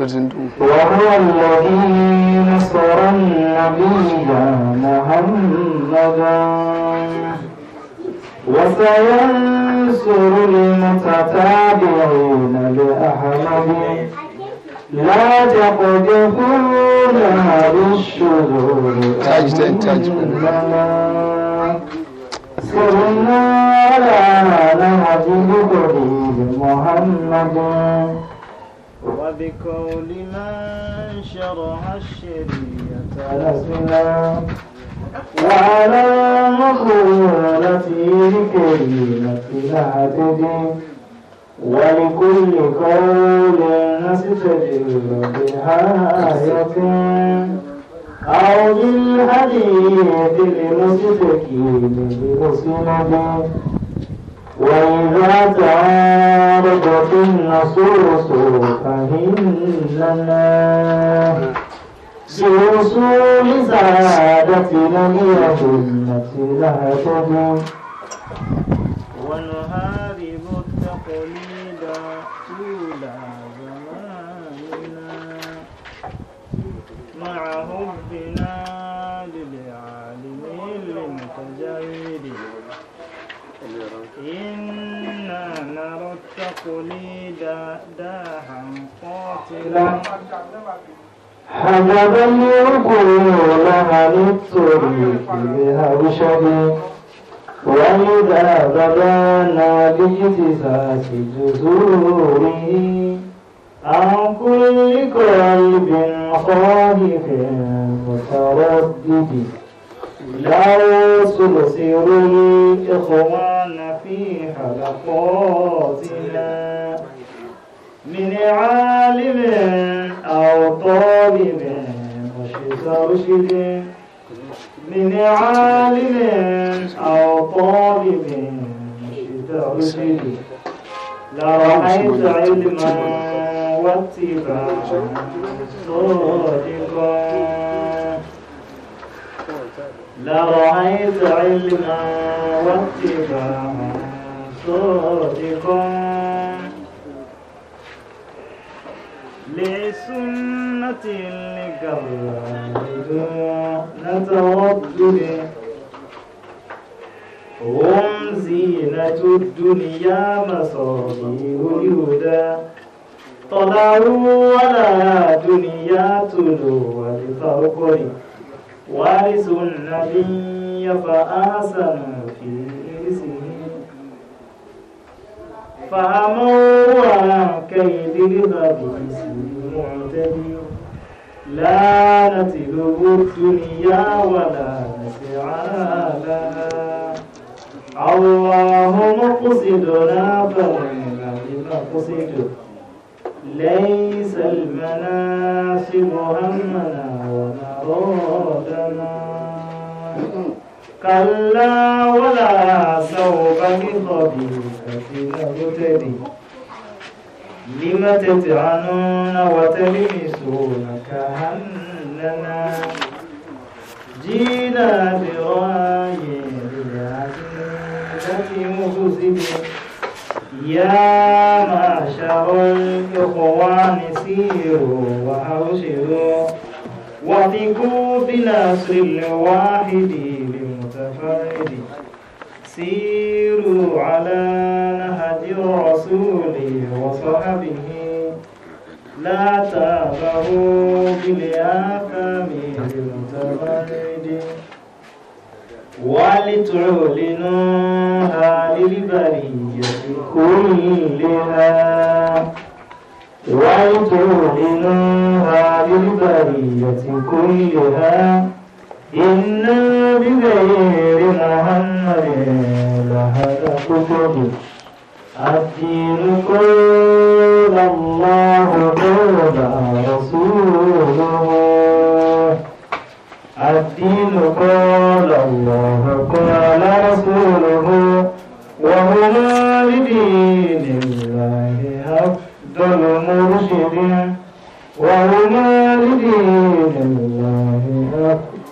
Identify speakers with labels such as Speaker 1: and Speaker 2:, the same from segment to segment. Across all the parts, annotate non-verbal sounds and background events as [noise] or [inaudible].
Speaker 1: ló ti ń dùn. wàhùn ọlọ́dí sọ̀rọ̀ nàbí ìyá muhammadan وسينصر المتتابعين لأحمد لا تقدحونها بالشذور إنما سرنا على نهج محمد وبقول من شرح الشريعة أسلا وعلى مقولته لكلمة نعتدي ولكل قول نستدل بآية أو بالحديث لمستكين بمسند وإذا تعارضت النصوص فهمنا بوصول سعادتنا إلى جنة لا تموت ونهارب التقليد طول زماننا مع حب لي داها قاتلا حجبا يقول هلت بهوشبي وإذا بدانا باجتثاث جذوره عن كل قلب خائف متردد لا يسلسل الإخوان في حلقاتنا من عالم أو طالب مرشد من عالم أو طالب مرشد لرأيت علما واتباعا صادقا لرأيت علما واتباعا صادقا لسنة الكرام دون تردد هم زينة الدنيا مصابيح الهدى طلعوا ولا دنيا تلو الفقر وارث النبي فآسن في فأمروا على كيد المبعوث المعتدل لا نتلو الدنيا ولا نتعالى الله مقصدنا فمن المقصد ليس المناسب همنا ونرادنا كلا ولا سوف نضبط تفتري لم تتعنون وتلمسون كأننا جينا برأي بأجنة مفسد يا معشر الإخوان سيروا وأرشدوا وثقوا بنصر الواحد المتفرد سيروا على نهج رسوله وصحبه لا تابعوا بالآثام المتمرد ولتعلنوها للبرية كلها ولتعلنوها للبرية كلها إلا بغير محمد لهذا كتب الدين قول الله قول رسوله الدين قال الله قال رسوله وهما لدين الله عبد المرشد وهما لدين الله عبد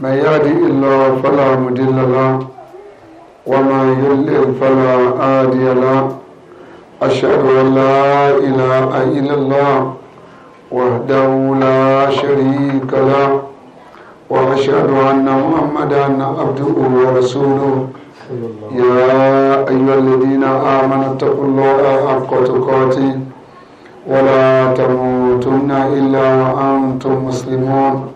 Speaker 2: من يهدي الله فلا مضل له ومن يضلل فلا هادي له أشهد أن لا إله إلا الله وحده لا شريك له وأشهد أن محمدا عبده ورسوله يا أيها الذين آمنوا اتقوا الله حق تقاته ولا تموتن إلا وأنتم مسلمون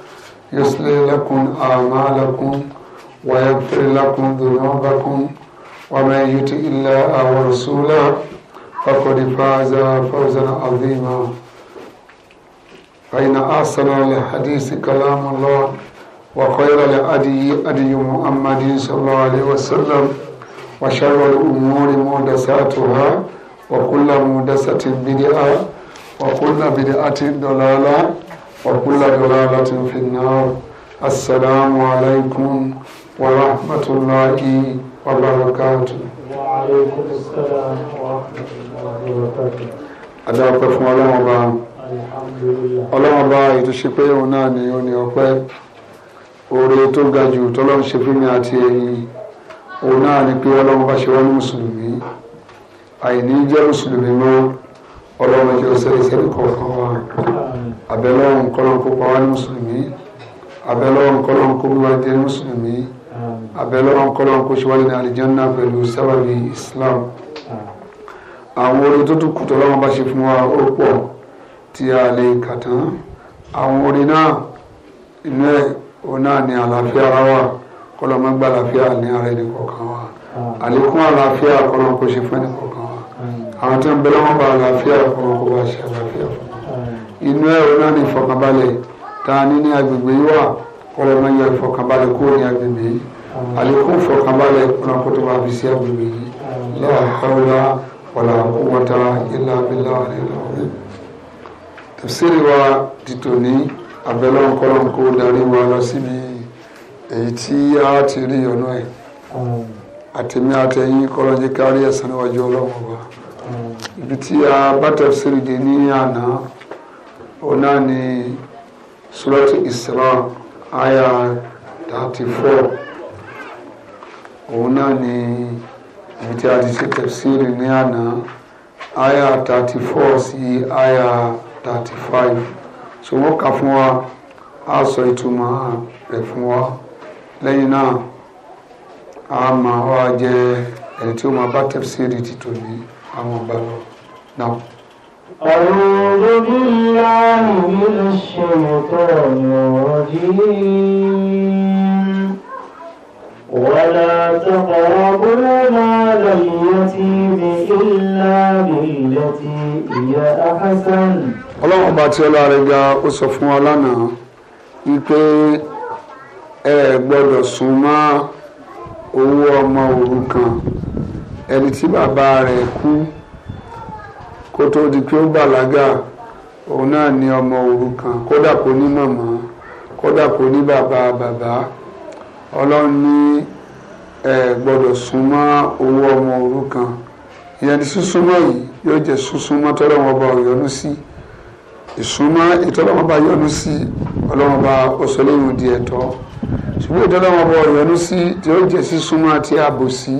Speaker 2: يصلي لكم أعمالكم ويغفر لكم ذنوبكم ومن يطع الله ورسوله فقد فاز فوزا عظيما فإن أحسن الحديث كلام الله وخير الهدي هدي محمد صلى الله عليه وسلم وشر الأمور محدثاتها وكل محدثة بدعة وكل بدعة ضلالة وكل ضلالة في النار السلام عليكم ورحمة الله وبركاته
Speaker 1: وعليكم السلام ورحمة الله وبركاته adáwọ̀pẹ́ fún ọlọ́run ọba ọlọ́run
Speaker 2: ọba ìtúnṣe pé òun náà ni ó ní ọpẹ́ oore tó ga jù tọ́lọ́run ṣe fún mi àti ẹ̀yin òun náà ni pé ọlọ́run bá ṣe wọ́n ní mùsùlùmí àìní jẹ́ mùsùlùmí mọ́ ọlọ́run ẹ̀jẹ̀ ọ̀sẹ̀ ìṣẹ́lẹ̀ kọ̀ọ̀kan wa abẹ́lọ́run kọ́lọ́n kó pa wá ní mùsùlùmí abẹ́lọ́run kọ́lọ́n kó wá jẹ́ mùsùlùmí abẹ́lọ́run kọ́lọ́n kó ṣe ní àlìjánná pẹ̀lú sábàbí islam àwọn orin tó tún kù tó lọ́wọ́ bá ṣe fún wa ó pọ̀ tí a lè kà tán àwọn orin náà inú ẹ̀ òun náà ni àlàáfíà ara wa kọ́lọ́n má gba àlàáfíà ní ara ẹni kọ̀ọ̀kan wa àlékún àlàáfíà kọ́lọ́n kó ṣe fún ẹni kọ̀ọ̀kan wa àwọn tí wọ́n bẹ lọ́wọ́ bá àlàáfíà kọ́lọ́n kó bá ṣe àlàáfíà fún inú ẹ̀ ọ̀nà ní ìfọkànbalẹ̀ tá a ní ní agbègbè yìí wà kọlọ́mọ yẹ ìfọkànbalẹ̀ kúrò ní agbègbè yìí àlékún ìfọkànbalẹ̀ kúrò kótó wà fi sí agbègbè yìí la hawla wala quwwata illa billahi àlẹ́lá ọ̀rẹ́. tafsiri wa ti tòní abẹ́lẹ́wọ̀n kọ́lọ́n kó darí wa lọ síbi èyí tí a ti rí ọ̀nà ẹ̀ àtẹ̀mí àtẹ̀yìn kọ́lọ́n jẹ́ kárí ẹ̀sán níwájú ọlọ́run ọba ibi tí a bá tafsiri dé ní àná ọ̀nà ni surati Isra aya 34 four òun náà ni èyí tí a ti ṣe tẹ̀síìrì ní àná aya thirty sí aya thirty so wọ́n kà fún wa a sọ ìtumọ̀ rẹ̀ fún wa lẹ́yìn náà a máa wá jẹ́ ẹni tí ó máa bá tẹ̀síìrì títò ní àwọn ọba lọ náà.
Speaker 1: أعوذ بالله من الشيطان الرجيم ولا تقربوا مال اليتيم إلا بالتي هي أحسن
Speaker 2: ọlọ́run ọba tí ọlọ́run ga ó sọ fún wa lánàá wípé ẹ gbọ́dọ̀ sún mọ́ owó ọmọ òrukàn ẹni tí bàbá rẹ̀ kú kó tó di pé ó bàlágà òun náà ní ọmọ òrukàn kódà kó ní màmá kódà kó ní bàbá bàbá ọlọ́run ní ẹ gbọ́dọ̀ súnmọ́ owó ọmọ òrukàn ìyẹn ní súnsúnmọ́ yìí yóò jẹ́ súnsúnmọ́ tọ́lọ́wọ́n ọba ọ̀yọ́nú sí ìsúnmọ́ ìtọ́lọ́wọ́n ọba yọ́nú sí ọlọ́wọ́n ọba òṣèlérun di ẹ̀tọ́ ṣùgbọ́n ìtọ́lọ́wọ́n ọba ọ̀yọ́nú sí tí ó jẹ́ sísúnmọ́ àti àbòsí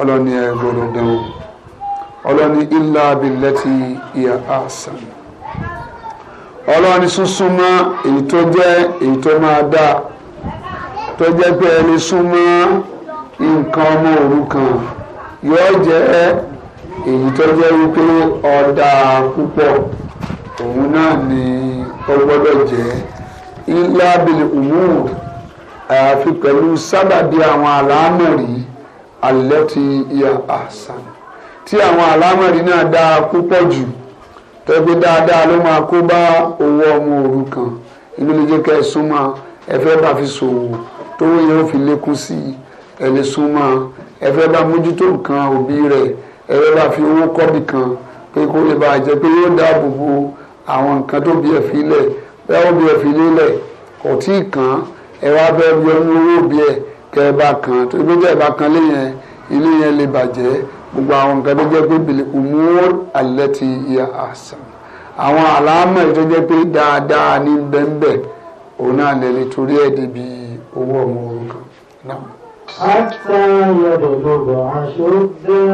Speaker 2: ọlọ́ni ẹ gbọ́dọ̀ dánwò ọlọ́ni ilá abilẹ́tì ìyá àṣàn ọlọ́ni súnsúnmọ́ èyí tó jẹ́ èyí tó máa dá tó jẹ́ pé ẹni súnmọ́ nǹkan ọmọ òrukàn yóò jẹ́ èyí tó jẹ́ wípé ọ̀dà púpọ̀ òun náà ni ó gbọ́dọ̀ jẹ́ ilá abilẹ̀ òmùú àyàfi pẹ̀lú sábàbí àwọn àlámọ̀rí alẹ́tì ìyá àṣàn tí àwọn àlámọ̀rí náà dáa púpọ̀ jù tẹ́gbẹ́ dáadáa ló máa kó bá owó ọmọ òrukàn inú ló jẹ́ kẹ́ ẹ súnmọ́ ẹfẹ́ bá fi ṣòwò tówó yẹn ó fi lékún sí i ẹ lè súnmọ́ ẹfẹ́ bá mójútó nǹkan òbí rẹ̀ ẹfẹ́ bá fi owó kọ́bì kan pé kó lè bá jẹ́ pé yóò dáàbò bo àwọn nǹkan tó bí ẹ̀ fi lẹ̀ bẹ́ẹ̀ ó bí ẹ̀ fi lélẹ̀ kò tí ì kàn án ẹ wá fẹ́ bí ọmọ owó bí ẹ̀ kẹ́ ẹ bá kàn án tó gbé jẹ́ ẹ bá kan lé yẹn ilé yẹn lè bàjẹ́ gbogbo àwọn nǹkan tó jẹ́ pé bìlì umur allati hiya ahsan àwọn àlámọ̀ tó jẹ́ pé dáadáa ní bẹ́ńbẹ́ òun náà lè lè torí ẹ̀ níbi owó ọmọ òrukàn
Speaker 1: náà. àtà yọ̀dọ̀ lọ́rọ̀ aṣọ
Speaker 2: dẹ́.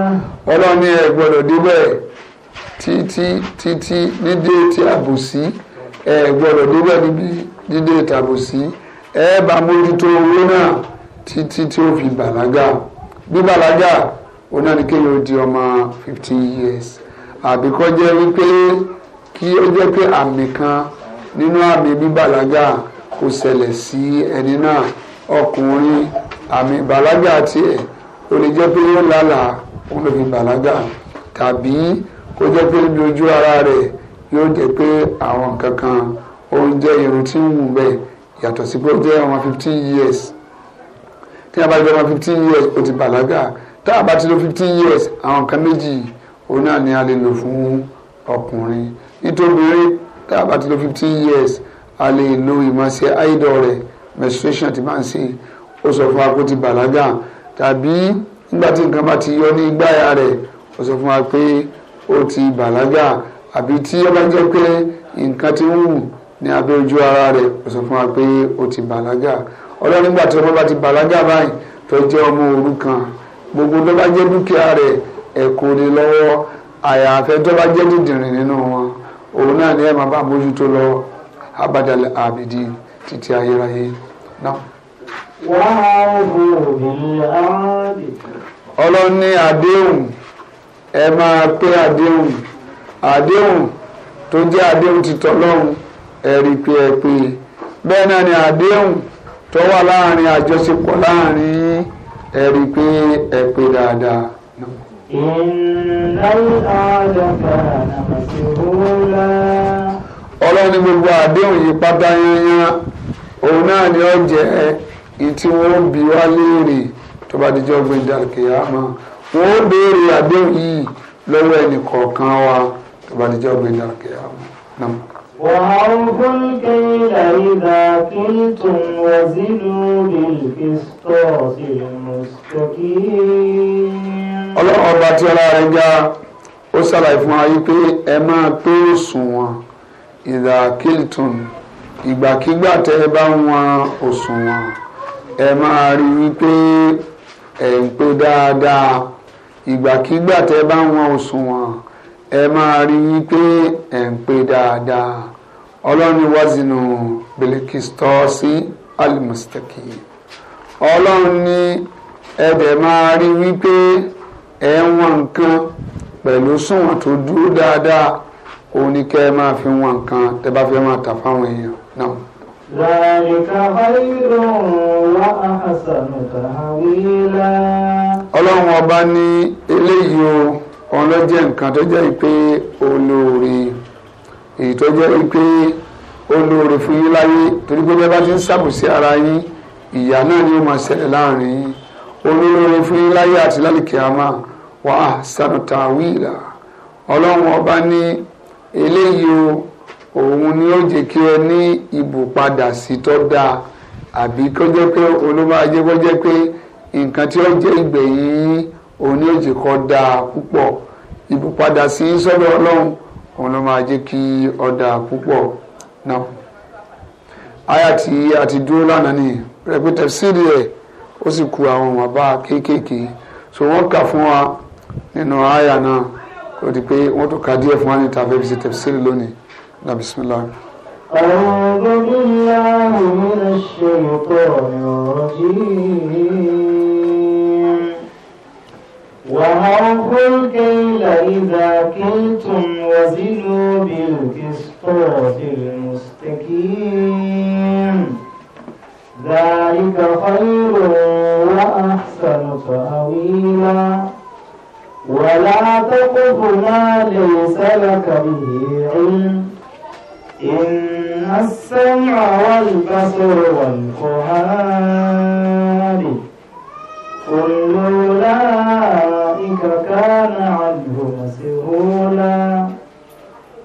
Speaker 2: ọlọ́ni ẹ̀ gbọ́dọ̀ débẹ̀ títí títí nídé tí àbòsí ẹ̀ gbọ́dọ̀ débẹ̀ níbi dídé tàbòsí ẹ̀ bá mójútó owó náà títí tí ó fi bàlágà bí bàlágà òun náà ni kéèyàn di ọmọ fifty years àbí kọ́ jẹ́ wípé kí ó jẹ́ pé àmì kan nínú àmì bíbàlágà kò ṣẹlẹ̀ sí ẹni náà ọkùnrin àmì bàlágà tiẹ̀ ó lè jẹ́ pé yóò lálàá òun ló fi bàlágà tàbí kó jẹ́ pé níbi ara rẹ̀ yóò jẹ́ pé àwọn nǹkan kan irun tí ń wù bẹ́ẹ̀ yàtọ̀ sí pé ó jẹ́ ọmọ fifteen years tí a bá jẹ́ ọmọ fifteen years ó ti bàlágà tá a bá ti lo fifteen years àwọn nǹkan méjì òun náà ni a lè lò fún ọkùnrin nítorí tá a bá ti lo fifteen years a lè lo ìmọ̀ọ́sẹ̀ idol rẹ̀ menstruation ti máa ń sìn ó sọ fún wa kó ti bàlágà tàbí nígbà tí nǹkan bá ti yọ ní gbáyà rẹ̀ ó sọ fún wa pé ó ti bàlágà àbí tí ó bá jẹ́ pé nǹkan ti wù ní abẹ́ ojú ara rẹ̀ ó sọ fún wa pé ó ti bàlágà ọlọ́run nígbà tí ọmọ bá ti bàlágà báyìí tó jẹ́ ọmọ òrukàn gbogbo tó bá jẹ́ dúkìá rẹ̀ ẹ̀ kò lè lọ́wọ́ àyàfẹ́ tó bá jẹ́ dìndìnrín nínú wọn òun náà ni ẹ máa bá mójútó lọ abadal abidi títí ayérayé
Speaker 1: náà. ọlọ́run àdéhùn ẹ máa pé àdéhùn àdéhùn
Speaker 2: tó jẹ́ àdéhùn títọ́ lọ́hùn ẹ pé ẹ pé bẹ́ẹ̀ náà ni àdéhùn tó wà láàrin àjọṣepọ̀ láàrin yín ẹ rí i pé ẹ pé dáadáa.
Speaker 1: ọlọ́ni gbogbo àdéhùn yìí pátá yányán òun náà ni ó
Speaker 2: jẹ́ ìtí wọn bí wá léèrè tó bá dijọ́ gbẹ̀dà mọ́ wọn ó béèrè àdéhùn yìí lọ́wọ́ wa tó bá dijọ́
Speaker 1: وأوفوا الكيل إذا كلتم وزنوا بالقسطاس المستقيم
Speaker 2: ọlọ́run ọba tí ọlá rẹ̀ ga ó ṣàlàyé fún wa wípé ẹ máa pé òṣùwọ̀n ìdá kíltùn ìgbàkigbà tẹ́ ẹ bá wọn òṣùwọ̀n ẹ máa rí wípé ẹ ń pé dáadáa ìgbàkigbà tẹ́ ẹ bá wọn òṣùwọ̀n ẹ máa rí wípé ẹ ń pé dáadáa ọlọ́ni wazinu bilikistọ́ọ̀sì alimustaki ọlọ́run ní ẹ̀bẹ̀ máa rí wípé ẹ̀ ń wọn nǹkan pẹ̀lú sunwọ̀n tó dúró dáadáa òun ni kẹ́ ẹ máa fi wọn nǹkan tẹ́ bá fẹ́ máa tà fáwọn èèyàn náà.
Speaker 1: Zalika khayrun wa ahsanu ta'wila. ọlọ́run ọba ní
Speaker 2: eléyìí o òun ló jẹ́ nǹkan tó jẹ́ pé olóore. èyí tó jẹ́ wípé ó lóore fún yín láyé torí pé bẹ́ẹ̀ bá ti ń ṣàbòsí ara yín ìyá náà ni ó máa ṣẹlẹ̀ láàrin yín ó lóore fún yín láyé àti àmà wà á sanu ọlọ́run ọba ní eléyìí o ni ó kí ẹ ní sí àbí kó jẹ́ pé ajé kó ni ó púpọ̀ òun ló máa jẹ́ kí ọ̀dà púpọ̀ náà àyà tí a dúró lánàá ni rẹpẹtẹ sídìí ẹ̀ ó sì ku àwọn ọmọ kéékèèké so wọ́n kà fún wa nínú àyà náà kò di pé wọ́n tún ka díẹ̀ fún wa ní tàbí ṣe tafsir lónìí náà bismillah.
Speaker 1: أعوذ بالله من الشيطان الرجيم وأوفوا الكيل إذا كلتم وزنوا بالقسطاس المستقيم ذلك خير وأحسن تأويلا ولا تقف ما ليس لك به علم إن السمع والبصر والفؤاد كل أولئك ذلك كان عنه مسهولا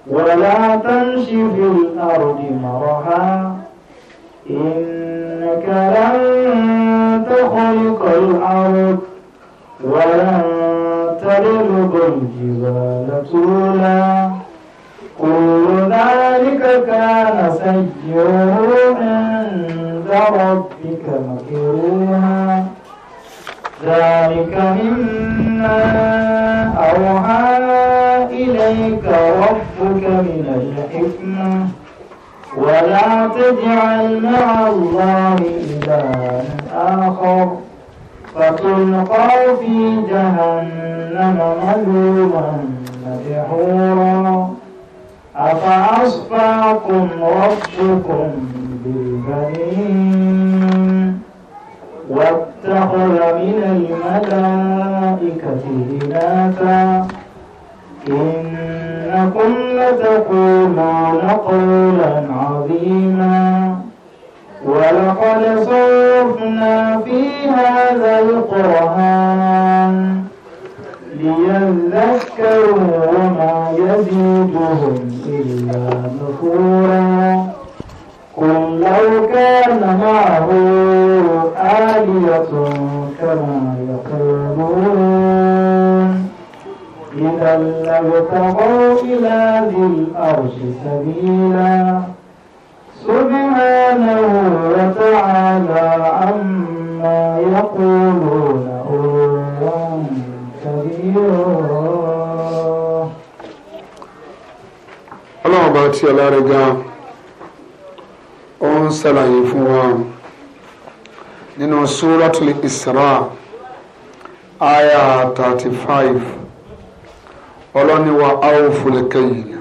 Speaker 1: ولا تمش في الأرض مرحا إنك لن تخلق الأرض ولن تبلغ الجبال طولا كل ذلك كان سيئه عند ربك مكروها ذلك مما أوحى إليك ربك من الحكمة ولا تجعل مع الله إلها آخر فتلقى في جهنم ملوما مدحورا أفأصفاكم ربكم بالبنين واتخذ من الملائكة الملائكة إناثا إنكم لتقولون قولا عظيما ولقد صرفنا في هذا القرآن ليذكروا وما يزيدهم إلا نفورا قل لو كان معه آلية كما ينكرون إذا لابتغوا إلى ذي الأرش سبيلا سبحانه وتعالى عما يقولون أولوا كبيرا
Speaker 2: ọlọ́run bá tí ọlọ́run ga ó ń ṣàlàyé fún wa nínú súratul Isra' aya thirty five ọlọ́ni wa awful kayl. yìí.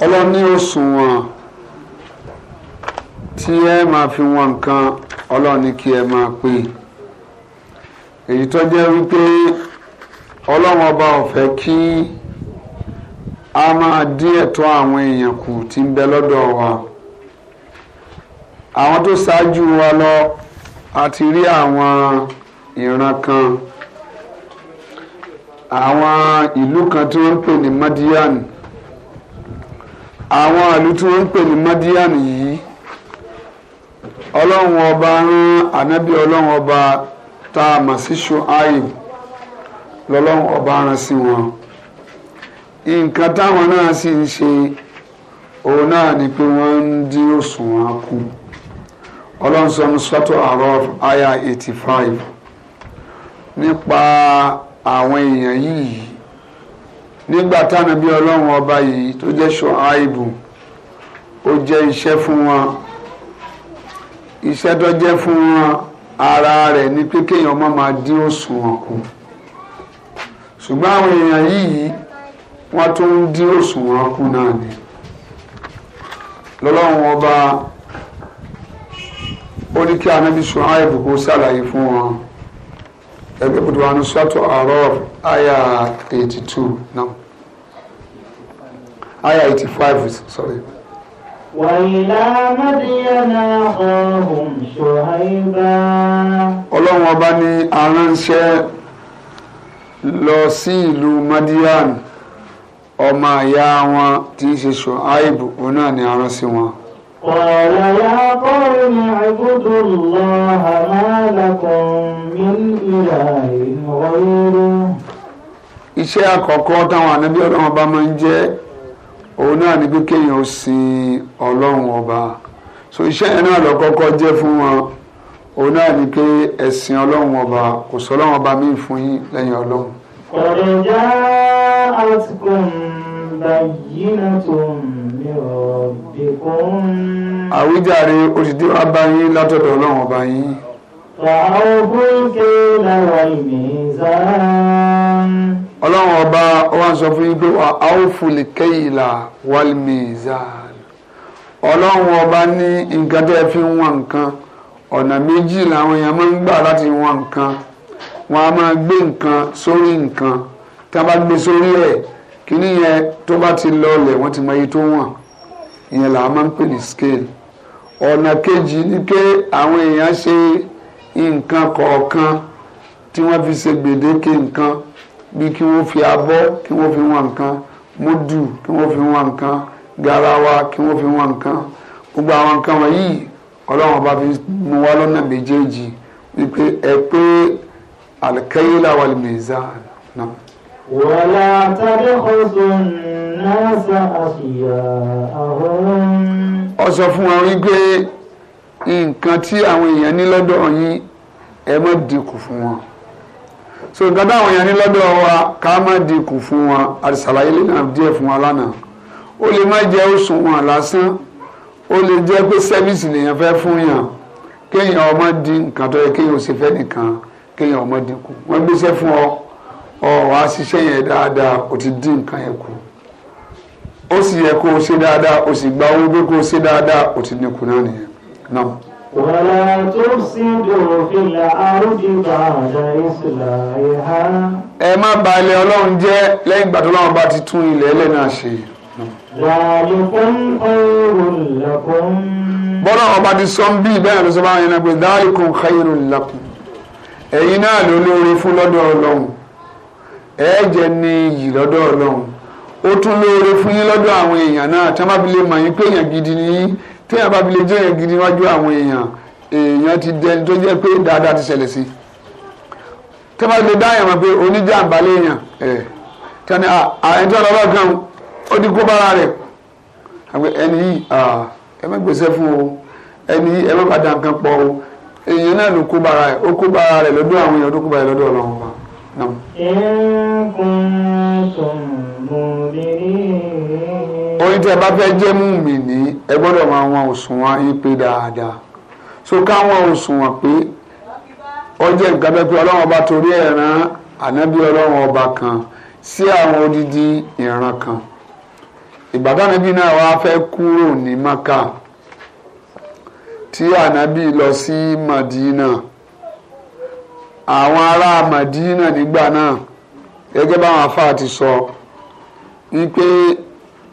Speaker 1: ọlọ́ni òṣùwọ̀n
Speaker 2: tí ẹ máa fi wọn nǹkan ọlọ́ni kí ẹ máa pè èyí tó jẹ́ wípé ọlọ́wọ́n ọba ọ̀fẹ́ kí. a máa dín ẹ̀tọ́ àwọn èèyàn kù tí ń bẹ lọ́dọ̀ wa àwọn tó ṣáájú wa lọ a ti rí àwọn ìran kan àwọn ìlú kan tí wọ́n ń pè ní Madian àwọn ìlú tí wọ́n ń pè ní Madian yìí ọlọ́run ọba rán ànábì ọlọ́run ọba tá a mọ̀ sí Shu'aib lọ́lọ́run ọba rán sí wọn. Si nǹkan táwọn náà sì ń ṣe òun náà ni pé wọ́n ń dín òṣùwọ̀n kù ọlọ́run sọ sọ́tọ̀ àárọ̀ aya eighty five nípa àwọn èèyàn yìí nígbà táwọn bí ọlọ́run ọba yìí tó jẹ́ sọ àìbù ó jẹ́ iṣẹ́ fún wọn iṣẹ́ tó jẹ́ fún wọn ara rẹ̀ ni pé kéèyàn má máa dín òṣùwọ̀n kù ṣùgbọ́n àwọn èèyàn yìí wọ́n tún ń dín òṣùwọ̀n kù náà ni lọ́lọ́run ọba ó ní kí anábì Ṣuaib kó ṣàlàyé fún wọn ẹgbẹ́ bùdó wa ní sọ́tò Araf àyà eighty náà àyà eighty five ọlọ́run ọba ní aránṣẹ́ lọ sí ìlú Madian ọmọ ìyá wọn tí í ṣe ṣùháìbù òun náà ni arán sí
Speaker 1: wọn. Qala ya qawmi u'budullaha ma lakum min ilahin ghayruh. Iṣẹ́
Speaker 2: àkọ́kọ́ táwọn ànábí ọlọ́run ọba máa ń jẹ́ òun náà ni pé kéèyàn ó sin ọlọ́run ọba. So iṣẹ́ yẹn náà lọ kọ́kọ́ jẹ́ fún wọn òun náà ni pé ẹ̀sìn ọlọ́run ọba kò sọ ọlọ́run ọba míì fún yín lẹ́yìn ọlọ́run.
Speaker 1: Qad jaa جاءتكم بينة من ربكم
Speaker 2: àwíjàre ó ti dé wá bá yín látọ̀dọ̀ ọlọ́run ọba yín.
Speaker 1: فأوفوا الكيل والميزان. ọlọ́run ọba
Speaker 2: wa wá ń sọ fún yín pé وأوفوا الكيل والميزان. ọlọ́run ọba ní nǹkan tẹ́ fi ń wọn nǹkan ọ̀nà méjì làwọn èèyàn máa ń gbà láti wọn nǹkan wọn a máa gbé nǹkan sórí nǹkan tí a bá gbé sórí ẹ̀ kíní yẹn tó bá ti lọlẹ̀ wọ́n ti mọ iye tó wọ̀n ìyẹn là á máa ń pè ní scale ọ̀nà kejì ni pé àwọn èèyàn ṣe nǹkan kọ̀ọ̀kan tí wọ́n fi ṣe gbèdéke nǹkan bí kí wọ́n fi abọ́ kí wọ́n fi wọn nǹkan múdù kí wọ́n fi wọn nǹkan garawa kí wọ́n fi wọn nǹkan gbogbo àwọn nǹkan wọ̀nyí ọlọ́run bá fi mú wa lọ́nà méjèèjì wípé ẹ pé alikẹ́yìlá wà lè náà.
Speaker 1: ولا تبخسوا الناس أشياءهم
Speaker 2: ó sọ fún wọn wípé nǹkan tí àwọn èèyàn ní lọ́dọ̀ yín ẹ má dínkù fún wọn so nǹkan táwọn èèyàn ní lọ́dọ̀ wa ká má dínkù fún wọn àdìsàlàyé lẹ́nà díẹ̀ fún wa lánàá ó lè má jẹ́ òṣùwọ̀n lásán ó lè jẹ́ pé sẹ́fíìsì lèèyàn fẹ́ fún yàn kéèyàn ọmọ dín nǹkan tó yẹ kéèyàn ò sì fẹ́ nìkan kéèyàn ọmọ dínkù wọ́n gbéṣẹ́ fún ọ ọ wá ṣiṣẹ́ yẹn dáadáa o ti dín nǹkan yẹn kù ó yẹ o se dáadáa o si gba owó o se dáadáa o ti dín kù naanị nìyẹn náà.
Speaker 1: wàlá tó sì dòrò fìlà àrùdì bàdà ìṣìlá ìhà. ẹ má bà ilẹ̀ ọlọ́run jẹ́
Speaker 2: lẹ́yìn ìgbà tó ti tún ilẹ̀ ẹlẹ́ náà ṣe. bọ́lá ọba ti bí bá yẹn náà pé dáríkùn ẹ̀yin náà ẹ̀ẹ́jẹ̀ ni iyì lọ́dọ̀ ọlọ́run ó tún lóore fún yín lọ́dọ̀ àwọn èèyàn náà tí wọ́n bá fi lè mọ̀ èèyàn gidi ni yín tí èèyàn gidi níwájú àwọn èèyàn èèyàn ti dẹni tó jẹ́ pé dáadáa ti ṣẹlẹ̀ sí i tí wọ́n bá fi lè dá pé ẹ̀ kan ó kó bára rẹ̀ ẹni yìí o ẹni yìí ẹ má pọ̀ o èèyàn náà ló kó bára rẹ̀ ó kó bára نعم
Speaker 1: إن كنتم مؤمنين orí tí ẹ bá
Speaker 2: fẹ́ jẹ́ mùmìnì ẹ gbọ́dọ̀ máa wọn òṣùwọ̀n yín pé dáadáa so káwọn òṣùwọ̀n pé ó jẹ́ nǹkan bẹ́ẹ̀ pé ọlọ́run ọba torí ẹ̀ ànábì ọlọ́run ọba kan sí àwọn odidi ìran kan ìgbàdánibí náà wàá fẹ́ kúrò ní maka tí ànábì lọ sí madina. Si àwọn ará Madina nígbà náà gẹ́gẹ́ báwọn afáà ti sọ wípé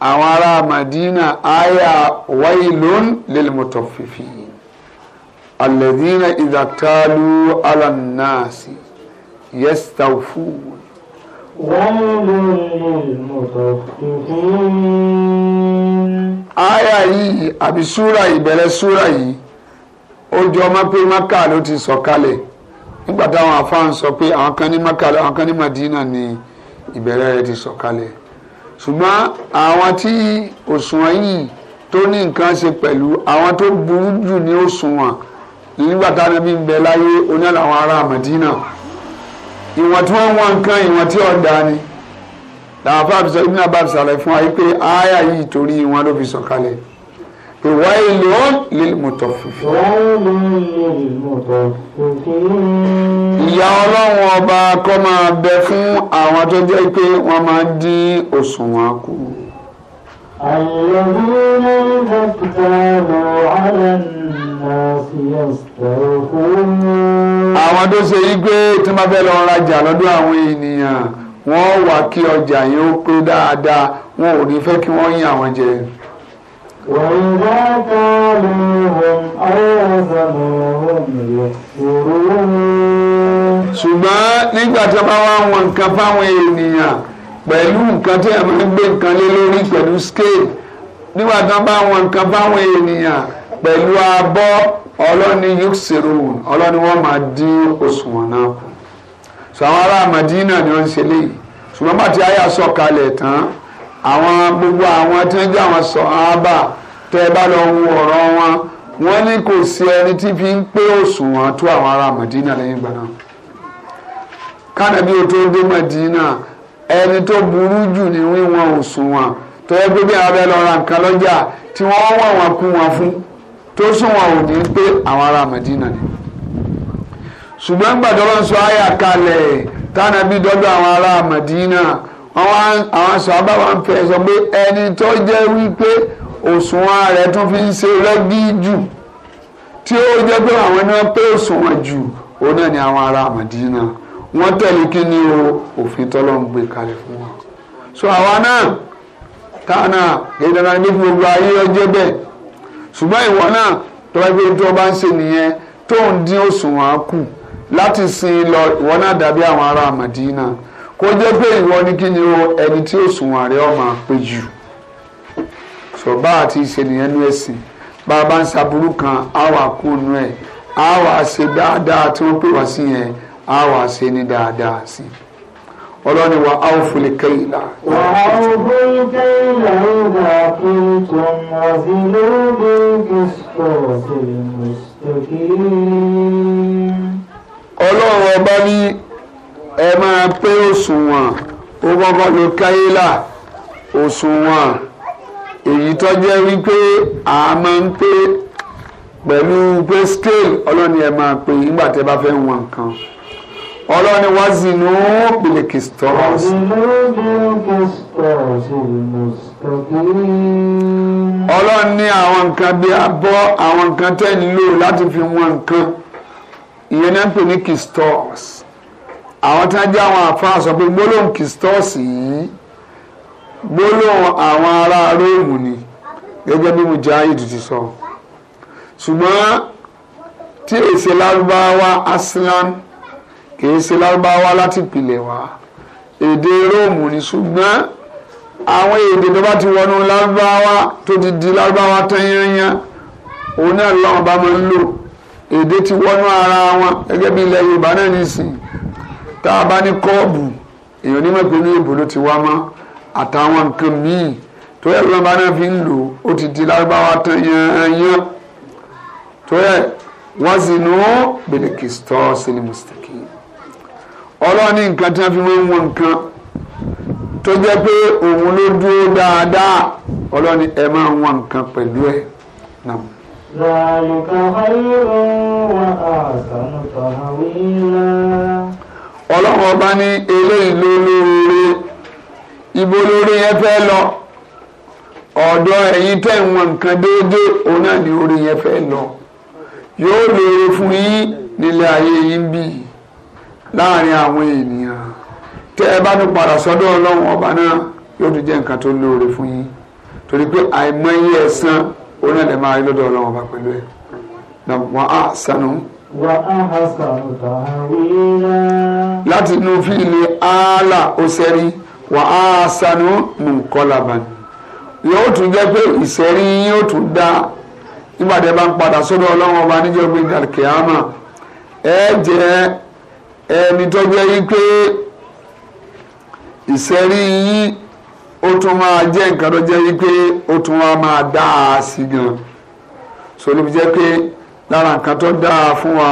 Speaker 2: àwọn ará Madina àyà wailun lilmutaffifin alladhina idha talu ala nnasi yastawfun.
Speaker 1: wailun
Speaker 2: lilmutaffifin. àyà yìí àbí súra ìbẹ̀rẹ̀ súra yìí ó jọ ọmọ pé mákà ló ti sọ̀kalẹ̀. So nígbà táwọn afáàn sọ pé àwọn kan ní makala àwọn kan ní madina ni ìbẹ̀rẹ̀ rẹ̀ ti sọ̀kalẹ̀ ṣùgbọ́n àwọn tí òṣùwọ̀n yìí tó ní nǹkan ṣe pẹ̀lú àwọn tó burú jù ní òṣùwọ̀n nígbà táwọn ẹbí ń bẹ láyé oní àwọn ará madina ìwọ̀n tí wọ́n ń wọ́n nǹkan ìwọ̀n tí ọ̀dà ni làwọn afáàn sọ ibi náà sàlẹ̀ fún wa yìí pé ááyà yìí torí wọn ló fi sọ̀kalẹ̀ pé wáyé ló lè mọ̀tọ̀ fífi. ìyá ọlọ́run ọba kọ́ máa bẹ fún àwọn tó jẹ́ pé wọ́n máa ń dín òṣùwọ̀n kù. الذين إذا
Speaker 1: اكتالوا على الناس يستوفون
Speaker 2: àwọn tó ṣe yí pé tí wọ́n fẹ́ lọ rajà lọ́dọ̀ àwọn ènìyàn wọ́n wà kí ọjà yẹn ó pé dáadáa wọn ò ní fẹ́ kí wọ́n yín àwọn jẹ.
Speaker 1: وإذا كالوهم أو وزنوهم يخسرون ṣùgbọ́n nígbà tí a bá wá wọn nǹkan fáwọn
Speaker 2: ènìyàn pẹ̀lú nǹkan tí a máa ń gbé nǹkan lé lórí pẹ̀lú scale nígbà tí a bá wọn nǹkan fáwọn ènìyàn pẹ̀lú abọ́ ọlọ́ni yuxirun ọlọ́ni wọ́n máa dín òṣùwọ̀n náà kù. sọ àwọn ará Madina ni wọ́n ń ṣe léyìí ṣùgbọ́n bàtí àyà sọ̀kalẹ̀ tán àwọn gbogbo àwọn tí wọ́n jẹ́ àwọn sọ̀hábà tẹ́ ẹ bá lọ wo ọ̀rọ̀ wọn wọ́n ní kò sí ẹni tí fi ń pé òṣùwọ̀n tó àwọn ará Màdínà lẹ́yìn ìgbà náà kánàbí o tó dé Màdínà ẹni tó burú jù ní wíwọn òṣùwọ̀n tó yẹ pé àwọn abẹ́ lọ ra nǹkan lọ́jà tí wọ́n wọ̀ wọ́n kú wọn fún tó sùnwọ̀n ò ní pé àwọn ará Màdínà ni ṣùgbọ́n gbàdúrà sọ àyà kalẹ̀ tánàbí dọ́dọ̀ àwọn ará Màdínà àwọn sọ abáwa ń fẹ́ sọ pé ẹni tó jẹ́ wípé òṣùwọ̀n rẹ̀ tún fi ń ṣe rẹ́gí jù tí ó jẹ́ pé àwọn ẹni wọn pé òṣùwọ̀n jù òun náà ni àwọn ará àmàdínà wọ́n tẹ̀lé kí ni o òfin tọ́lọ́ ń gbé kalẹ̀ fún wọn. so àwa náà tánà ìdáná ní gbogbo ayé ọjọ́ bẹ́ẹ̀ ṣùgbọ́n ìwọ náà tó bá gbé tó bá ń ṣe nìyẹn tó ń dín òṣùwọ̀n kù láti sin lọ ìwọ náà dàbí àwọn ará àmàdínà. kó jẹ́ pé ìwọ ni kí ni o ẹni tí ó sùn ààrẹ ọmọ pé jù sọ bá àti ìṣènìyàn ní ẹ̀sìn bá a bá ń ṣàbúrú kan á wà kú inú ẹ̀ á wà ṣe dáadáa tí wọ́n pè wá sí yẹn á wà ṣe ní dáadáa sí i ọlọ́ni wa á fún lè kẹ́yìnlá.
Speaker 1: wà á gbé kẹ́yìnlá ìgbà kí tún sí lóde gíṣọ́ọ̀tì mùsùlùmí.
Speaker 2: ọlọ́run ọba ní ẹ máa pé òṣùwọ̀n ó kọ́kọ́ lo káyélà òṣùwọ̀n èyí tó jẹ́ wípé a máa ń pé pẹ̀lú pé scale ọlọ́ni ẹ máa pé nígbà tẹ́ bá fẹ́ wọn nǹkan ọlọ́ni wá sí inú bilikistọ́ọ̀sì. ọlọ́run ní àwọn nǹkan bí abọ́ àwọn nǹkan tẹ́ ń lò láti fi wọn nǹkan ìyẹn náà ń pè ní kistọ́ọ̀sì àwọn tí wọ́n jẹ́ àwọn àfáà sọ pé gbólóhùn kìstọ́ọ̀sì yìí gbólóhùn àwọn ará róòmù ni gẹ́gẹ́ bí Mujahid ti sọ ṣùgbọ́n tí èsì lárúbáwá aslan kìí ṣe lárúbáwá láti pìlẹ̀ wá èdè róòmù ni ṣùgbọ́n àwọn èdè tó bá ti wọnú lárúbáwá tó ti di lárúbáwá tán òun náà lọ́wọ́ bá máa ń lò èdè ti wọnú ara wọn gẹ́gẹ́ bí ilẹ̀ Yorùbá náà nìsín tá a bá ní kọ́ọ̀bù èèyàn ní mọ̀ pé ní èbò ló ti wá mọ́ àtàwọn nǹkan míì tó yẹ lọ́ba náà fi ń lò ó ti di lárúbáwá tán yányán tó yẹ wọ́n sì nù ó bèlèkìstọ́ sílé mùsítẹ́kì ọlọ́ọ̀ni nǹkan tí wọ́n fi máa ń wọ nǹkan tó jẹ́ pé òun ló dúró dáadáa ọlọ́ọ̀ni ẹ máa ń wọ nǹkan pẹ̀lú ẹ̀ náà.
Speaker 1: ذلك خير وأحسن تأويلا ọlọ́run ọba ní eléyìí ló lóore
Speaker 2: ibo lóore yẹn fẹ́ lọ ọ̀dọ̀ ẹ̀yin tẹ̀ ń wọn nǹkan déédéé òun náà ni oore yẹn fẹ́ lọ yóò lóore fún yín nílé ayé yín bí láàrin àwọn ènìyàn tẹ́ ẹ bá tún padà sọ́dọ̀ ọlọ́run ọba náà yóò tún jẹ́ nǹkan tó lóore fún yín torí pé àìmọye ẹ̀san onílẹ̀ máa rí lọ́dọ̀ ọlọ́run ọba pẹ̀lú ẹ̀ wọ́n á sanu
Speaker 1: láti inú fíìlì
Speaker 2: ààlà òsẹ́rí wa á sanú mùkọ́làbà yóò tún jẹ́ pé ìsẹ́rí yóò tún dá nígbà tí ẹ bá ń padà sọ́dọ̀ ọlọ́run ọba níjọ́ pé dàkíámà ẹ jẹ́ ẹni tó jẹ́ wípé ìsẹ́rí yín ó tún máa jẹ́ nǹkan tó jẹ́ wípé ó tún wá máa dá a sí gan so jẹ́ pé lára nǹkan tó dáa fún wa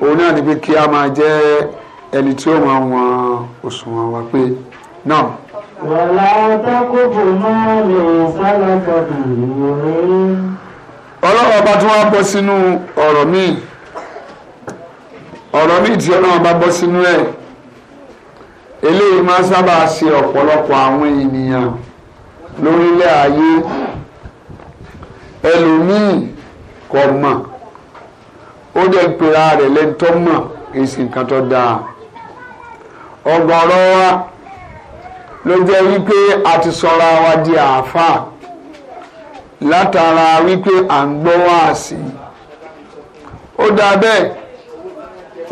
Speaker 2: òun náà ni pé kí a máa jẹ́ ẹni tí ó máa wọn òṣùwọ̀n wa pé náà.
Speaker 1: wàlá tákòbò máa lè sálàkà ìròyìn. ọlọ́wọ́ bá tún wá bọ́ sínú ọ̀rọ̀ míì
Speaker 2: ọ̀rọ̀ míì tí ọlọ́wọ́ bá bọ́ sínú ẹ̀ eléyìí máa sábà ṣe ọ̀pọ̀lọpọ̀ àwọn ènìyàn lórílẹ̀ ayé ẹlòmíì kò mọ̀ ó dẹ̀ pera rẹ̀ lẹ́ni tó mọ̀ èsì nǹkan tó dáa ọgbọ̀nrọ̀ wa ló jẹ́ wípé a ti sọra wa di àáfàá látara wípé à ń gbọ́ wáàsí ó dáa bẹ́ẹ̀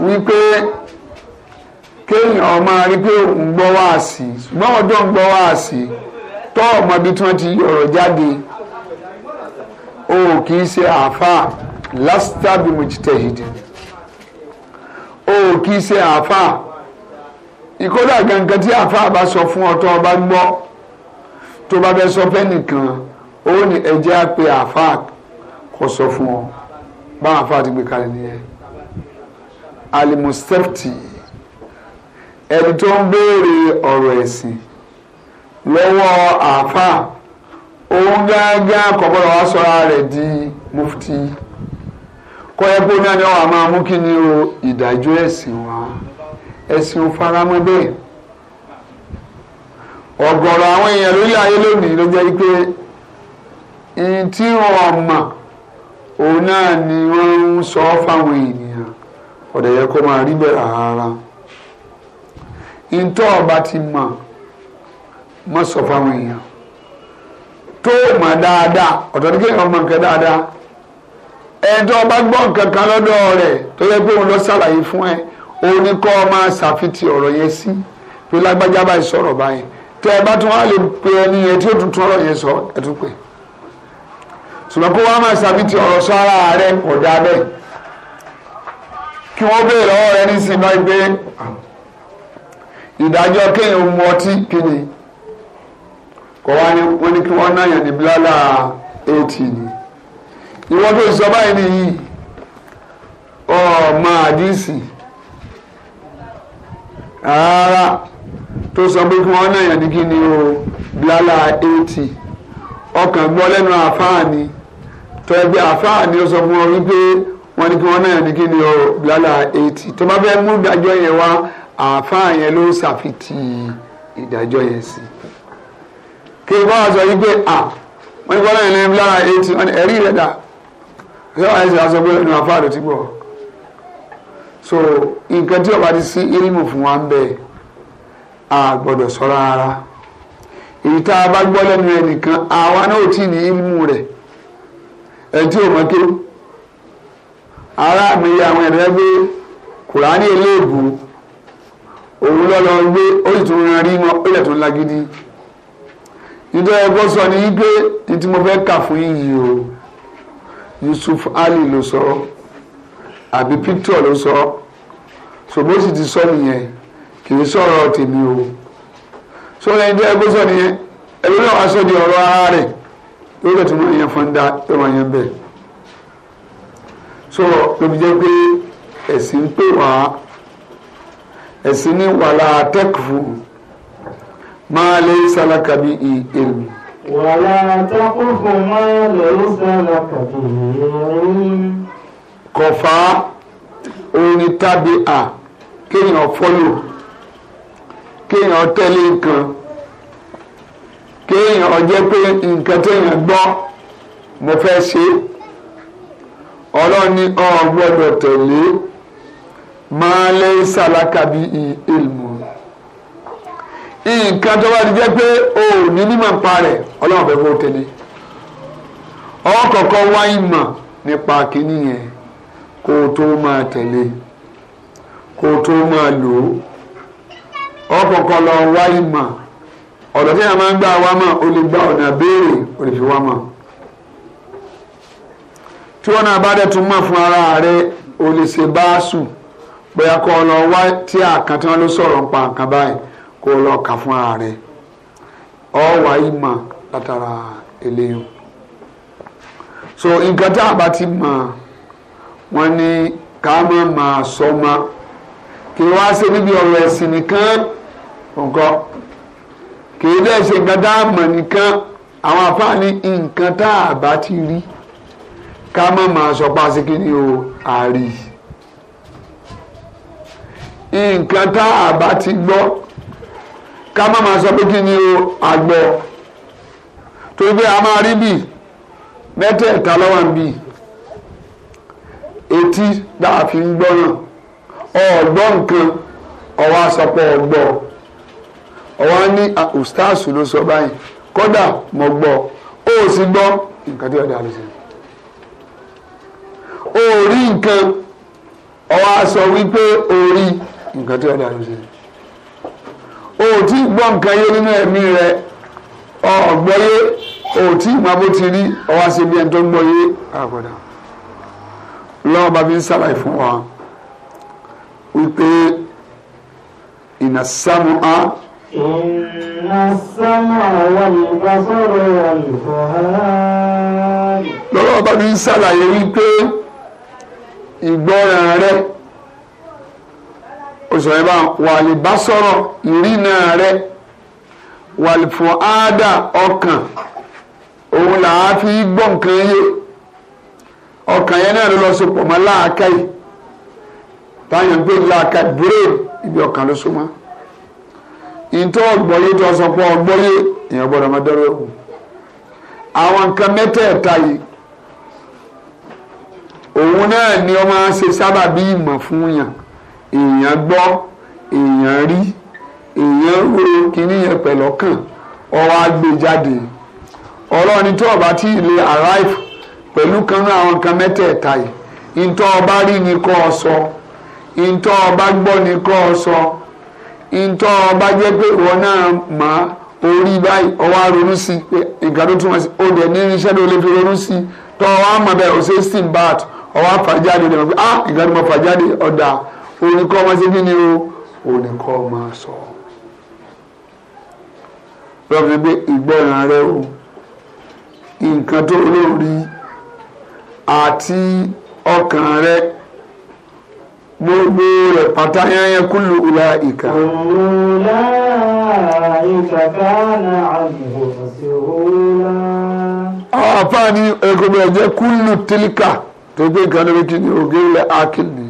Speaker 2: wípé kéèyàn máa rí pé òun gbọ́ wáàsí ṣùgbọ́n ọjọ́ ń gbọ́ wáàsí tó ọmọ ibi tí wọ́n ti yọ̀rọ̀ jáde o kì í ṣe àáfàá lásìtàbí mujtahid o kì í ṣe àáfàá ìkódà gangan tí àáfàá bá sọ fún ọtọ ọba gbọ́ tó bá bẹ sọ fẹ́nìkan ó ní ẹjẹ́ á pe àáfàá kò sọ fún ọ báwọn àáfàá ti gbé kalẹ̀ nìyẹn alimusefti ẹni tó ń béèrè ọ̀rọ̀ ẹ̀sìn lọ́wọ́ àáfàá òun gángan kọ̀ọ̀bọ̀lọ̀ wá sọ́ra rẹ̀ di mufti. kọ́yẹ́ pé náà ni wọ́n á máa mú kí ni o ìdájọ́ ẹ̀sìn wa ẹ̀sìn faramọ́ bẹ́ẹ̀ ọ̀gọ̀rọ̀ àwọn èèyàn lórí ayé lónìí ló jẹ́ pé ìyìn tí wọ́n mọ̀ òun náà ni wọ́n ń sọ fáwọn ènìyàn ọ̀dẹ̀ yẹ kó máa rí bẹ́ẹ̀ rárá ọba ti mọ̀ sọ fáwọn èèyàn tó mọ̀ dáadáa ọ̀tọ̀ ní kéèyàn mọ̀ nǹkan dáadáa ẹjọ́ bá gbọ́ nǹkan kan lọ́dọ̀ rẹ̀ tó yẹ pé òun lọ ṣàlàyé fún ẹ òun ni kọ́ máa ṣàfitì ọ̀rọ̀ yẹn sí pé lágbájá báyìí sọ̀rọ̀ báyìí tẹ́ ẹ bá tún wá lè pe ẹni yẹn tí ó tuntun ọ̀rọ̀ yẹn sọ ẹ tún pè ṣùgbọ́n kó wá máa ṣàfitì ọ̀rọ̀ sọ ara rẹ kò bẹ́ẹ̀ kí wọ́n béèrè lọ́wọ́ rẹ ní sinmi báyìí pé ìdájọ́ kéèyàn mu ọtí kìíní kò wá ní wọ́n ní kí wọ́n náyàn ní bílálà eighty ìwọ tó sọ báyìí nìyí ọmọ àdìsí rárá tó sọ pé kí wọ́n náà yàn ní kí ni o bíálà eighty ọkàn gbọ́ lẹ́nu àfáàní tó ẹgbẹ́ àfáàní ó sọ fún ọ wípé wọ́n ní kí wọ́n náà yàn ní kí ni o bíálà eighty tó bá fẹ́ mú ìdájọ́ yẹn wá àfáà yẹn ló ṣàfitì ìdájọ́ yẹn sí kí wọ́n á sọ wípé à wọ́n ní kí wọ́n náà yàn ní bíálà eighty ẹ̀rí rẹ̀ dà yóò wáyé sí aṣọ pé ẹnu àfáà ló ti gbọ́ so nǹkan tí ọba ti sí irimu fún wa ń bẹ a gbọ́dọ̀ sọ rárá èyí tá a bá gbọ́ lẹ́nu ẹnìkan àwa náà ò tí ì ní irimu rẹ̀ ẹ tí ò mọ kéwù ara mi àwọn ẹ̀rẹ́ gbé kùránì eléèbù òun lọ́lọ́ gbé ó sì tún rí mọ́ ó lẹ̀ tún lágídí nítorí ẹgbọ́ sọ ni yí pé títí mo fẹ́ kà fún yíyí o. Yusuf Ali ló sọ àbí Victor ló sọ ṣùgbọ́n ó sì ti sọ nìyẹn kì í sọ̀rọ̀ tèmi o sọ yẹn jẹ́ ẹgbẹ́ nìyẹn ẹgbẹ́ náà wá sọ di ọ̀rọ̀ ara rẹ̀ lórí ẹ̀tún náà yẹn fọ́n dá ẹ̀wọ̀n yẹn bẹ́ẹ̀ so lóbi jẹ́ pé ẹ̀sìn ń pè wá ẹ̀sìn ní wàhálà tẹ́kùfù máa lé sálákàbí ìlú
Speaker 1: ولا تقف ما ليس لك به علم kọfà orin tàbí
Speaker 2: à kéèyàn fọlò kéèyàn tẹ̀lé nǹkan kéèyàn jẹ́ pé nǹkan téèyàn gbọ́ mo fẹ́ ṣe ọlọ́ni ọ̀ gbọ́dọ̀ tẹ̀lé máa lẹ́yìn sàlákàbí ìlmù nǹkan tó bá ti jẹ́ pé o ò ní nímọ̀ nípa rẹ̀ ọlọ́run bẹ́ẹ̀ kó tẹ̀lé ọkọ̀ọ̀kọ̀ wá ìmọ̀ nípa kínní yẹn kó o tó máa tẹ̀lé kó o tó máa lò ó ọkọ̀ọ̀kọ̀ lọ wá ìmọ̀ ọ̀dọ̀ tí a máa ń gbà wá o lè gba ọ̀nà béèrè o lè fi wá mọ̀ tí wọn náà bá dẹ̀ tún mọ̀ fún ara o lè ọ lọ wá tí ló kó lọ kà fún ara rẹ ọwà ìmọ̀ látara eléyìí so nǹkan tá a bá ti mọ̀ wọ́n ní ká má máa sọ ma kí wá ṣe níbi ọ̀rọ̀ ẹ̀sìn nìkan nǹkan kì í dẹ́ ṣe nǹkan tá a mọ̀ nìkan àwọn afáà ní nǹkan tá a bá ti rí ká má máa sọ pa sí kí o àrí nǹkan tá a bá ti gbọ́ ká má máa sọ pé kí ni o àgbọ̀ torí pé a máa rí bì mẹ́tẹ̀ẹ̀ta lọ́wọ́ ń bì etí tá a fi ń gbọ́ràn ọ̀gbọ́ nǹkan ọwọ́ asọpọ̀ ọ̀gbọ́ ọwọ́ ní ustaasu ló sọ báyìí kódà mo gbọ́ ó sì gbọ́ nǹkan tí ọ̀dà ló ṣe ó nǹkan ọwọ́ asọ wípé ó nǹkan tí ọ̀dà ló ṣe tí gbọ́ nǹkan yé nínú ẹ̀mí rẹ ọ̀gbọ́yé òtí ìmọ̀ bó ti rí ọwọ́ sí bí ẹni gbọ́yé àgbọ̀dà lọ́wọ́ bá fi ń sàlàyé fún wa wípé ìnà sámú á.
Speaker 1: ìnà sámú àwọn ìgbàsọ̀rọ̀ àlùfáà. lọ́wọ́ bá fi ń sàlàyé wípé ìgbọ́ràn rẹ̀
Speaker 2: òṣèré bá wàlì bá sọ̀rọ̀ ìrìnà rẹ wàlì fún áádà ọkàn òun là á fi gbọ́ nǹkan yé ọkàn yẹn náà ló lọ sopọ̀ mọ́ láàkàyè táyọ̀ ń gbé láàkàyè brain ibi ọkàn ló so mọ́ ìtọ́ ọgbọ́yé tó sọ pé ọgbọ́yé èèyàn gbọ́dọ̀ máa dẹ́rọ ẹ̀kú àwọn nǹkan mẹ́tẹ̀ẹ̀ta yìí òun náà ni ọmọ ṣe sábà ìmọ̀ fún yàn èèyàn gbọ́ èèyàn rí èèyàn ro kinní yẹn pẹ̀lọ́kàn ọwọ́ agbè jáde ọlọ́run tó ọba tí ilé arrive pẹ̀lú kan náà àwọn nǹkan mẹ́tẹ̀ẹ̀ta yìí ntọ́ ọba rí ni kọ́ ọ ntọ́ ọba gbọ́ ni kọ́ ọ ntọ́ ọba jẹ́ pé ìwọ náà mọ̀ orí báyìí ọwọ́ sí pé túmọ̀ sí dẹ̀ ní irinṣẹ́ ló lè fi ronú sí tọ́ bẹ́ẹ̀ ọ̀sẹ̀ steam bath ọwọ́ ah mọ̀ òní kọ́ ọmọ sí kíni o òní kọ́ ọmọ sọ. lọ́ọ́ gbé ìgbọ́ràn rẹ o nǹkan tó lórí àti ọkàn rẹ gbogbo rẹ
Speaker 1: pátá yányán kúlù ìlà ìkà. òwúlà ìkà kánà àbùkù sí òwúlà. àpá ni ẹgbẹ́ ẹ̀jẹ̀
Speaker 2: kúlù tìlíkà tó gbé nǹkan kí ni ògèrè akíní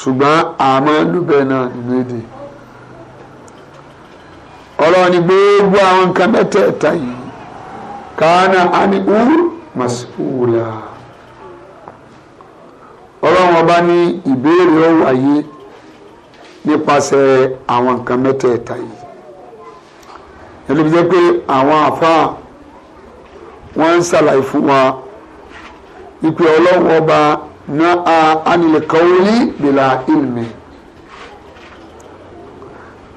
Speaker 2: ṣùgbọ́n àmọ́ lúbẹ̀ náà nínú èdè ọlọ́run ni gbogbo àwọn nǹkan mẹ́tẹ̀ẹ̀ta yìí kàánà àníkú màsíwòlá ọlọ́run ọba ní ìbéèrè ọ̀hún ayé nípasẹ̀ àwọn nǹkan mẹ́tẹ̀ẹ̀ta yìí ẹlẹ́bi jẹ́ pé àwọn àfáà wọ́n ń ṣàlàyé fún wa ìpè ọlọ́run ọba na anilẹ̀ kọ́wọ́lì bila ìlmi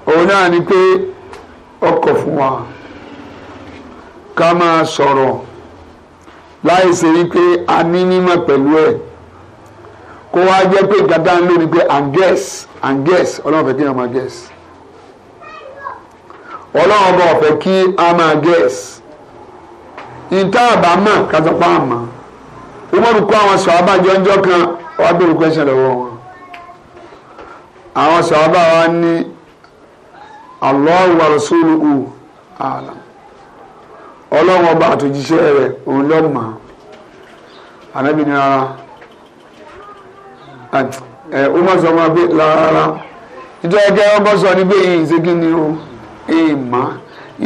Speaker 2: òun náà ni pé ọkọ̀ fún wa ká máa sọ̀rọ̀ láì ṣe wípé a ní mímọ̀ pẹ̀lú ẹ̀ kó wá jẹ́ pé gàdá ń lò ní pé and guess and guess ọlọ́run fẹ́ kí a guess ọlọ́run bọ̀ fẹ́ kí a guess ìta àbámọ̀ kásán pa àmọ́ Umaru kó àwọn sọ̀hábà jọ́njọ́ kan wá bẹ̀rù question lọ́wọ́ wọn àwọn sọ̀hábà wa ní Allahu wa rasuluhu àlà ọlọ́run ọba àtòjíṣẹ́ rẹ̀ òun lọ́mọ ànábì ní rárá ẹ Umaru sọ ma pé rárá ìjọ ẹgbẹ́ ọgbọ́n sọ ní pé ìyìn ṣe kí ni o èèmà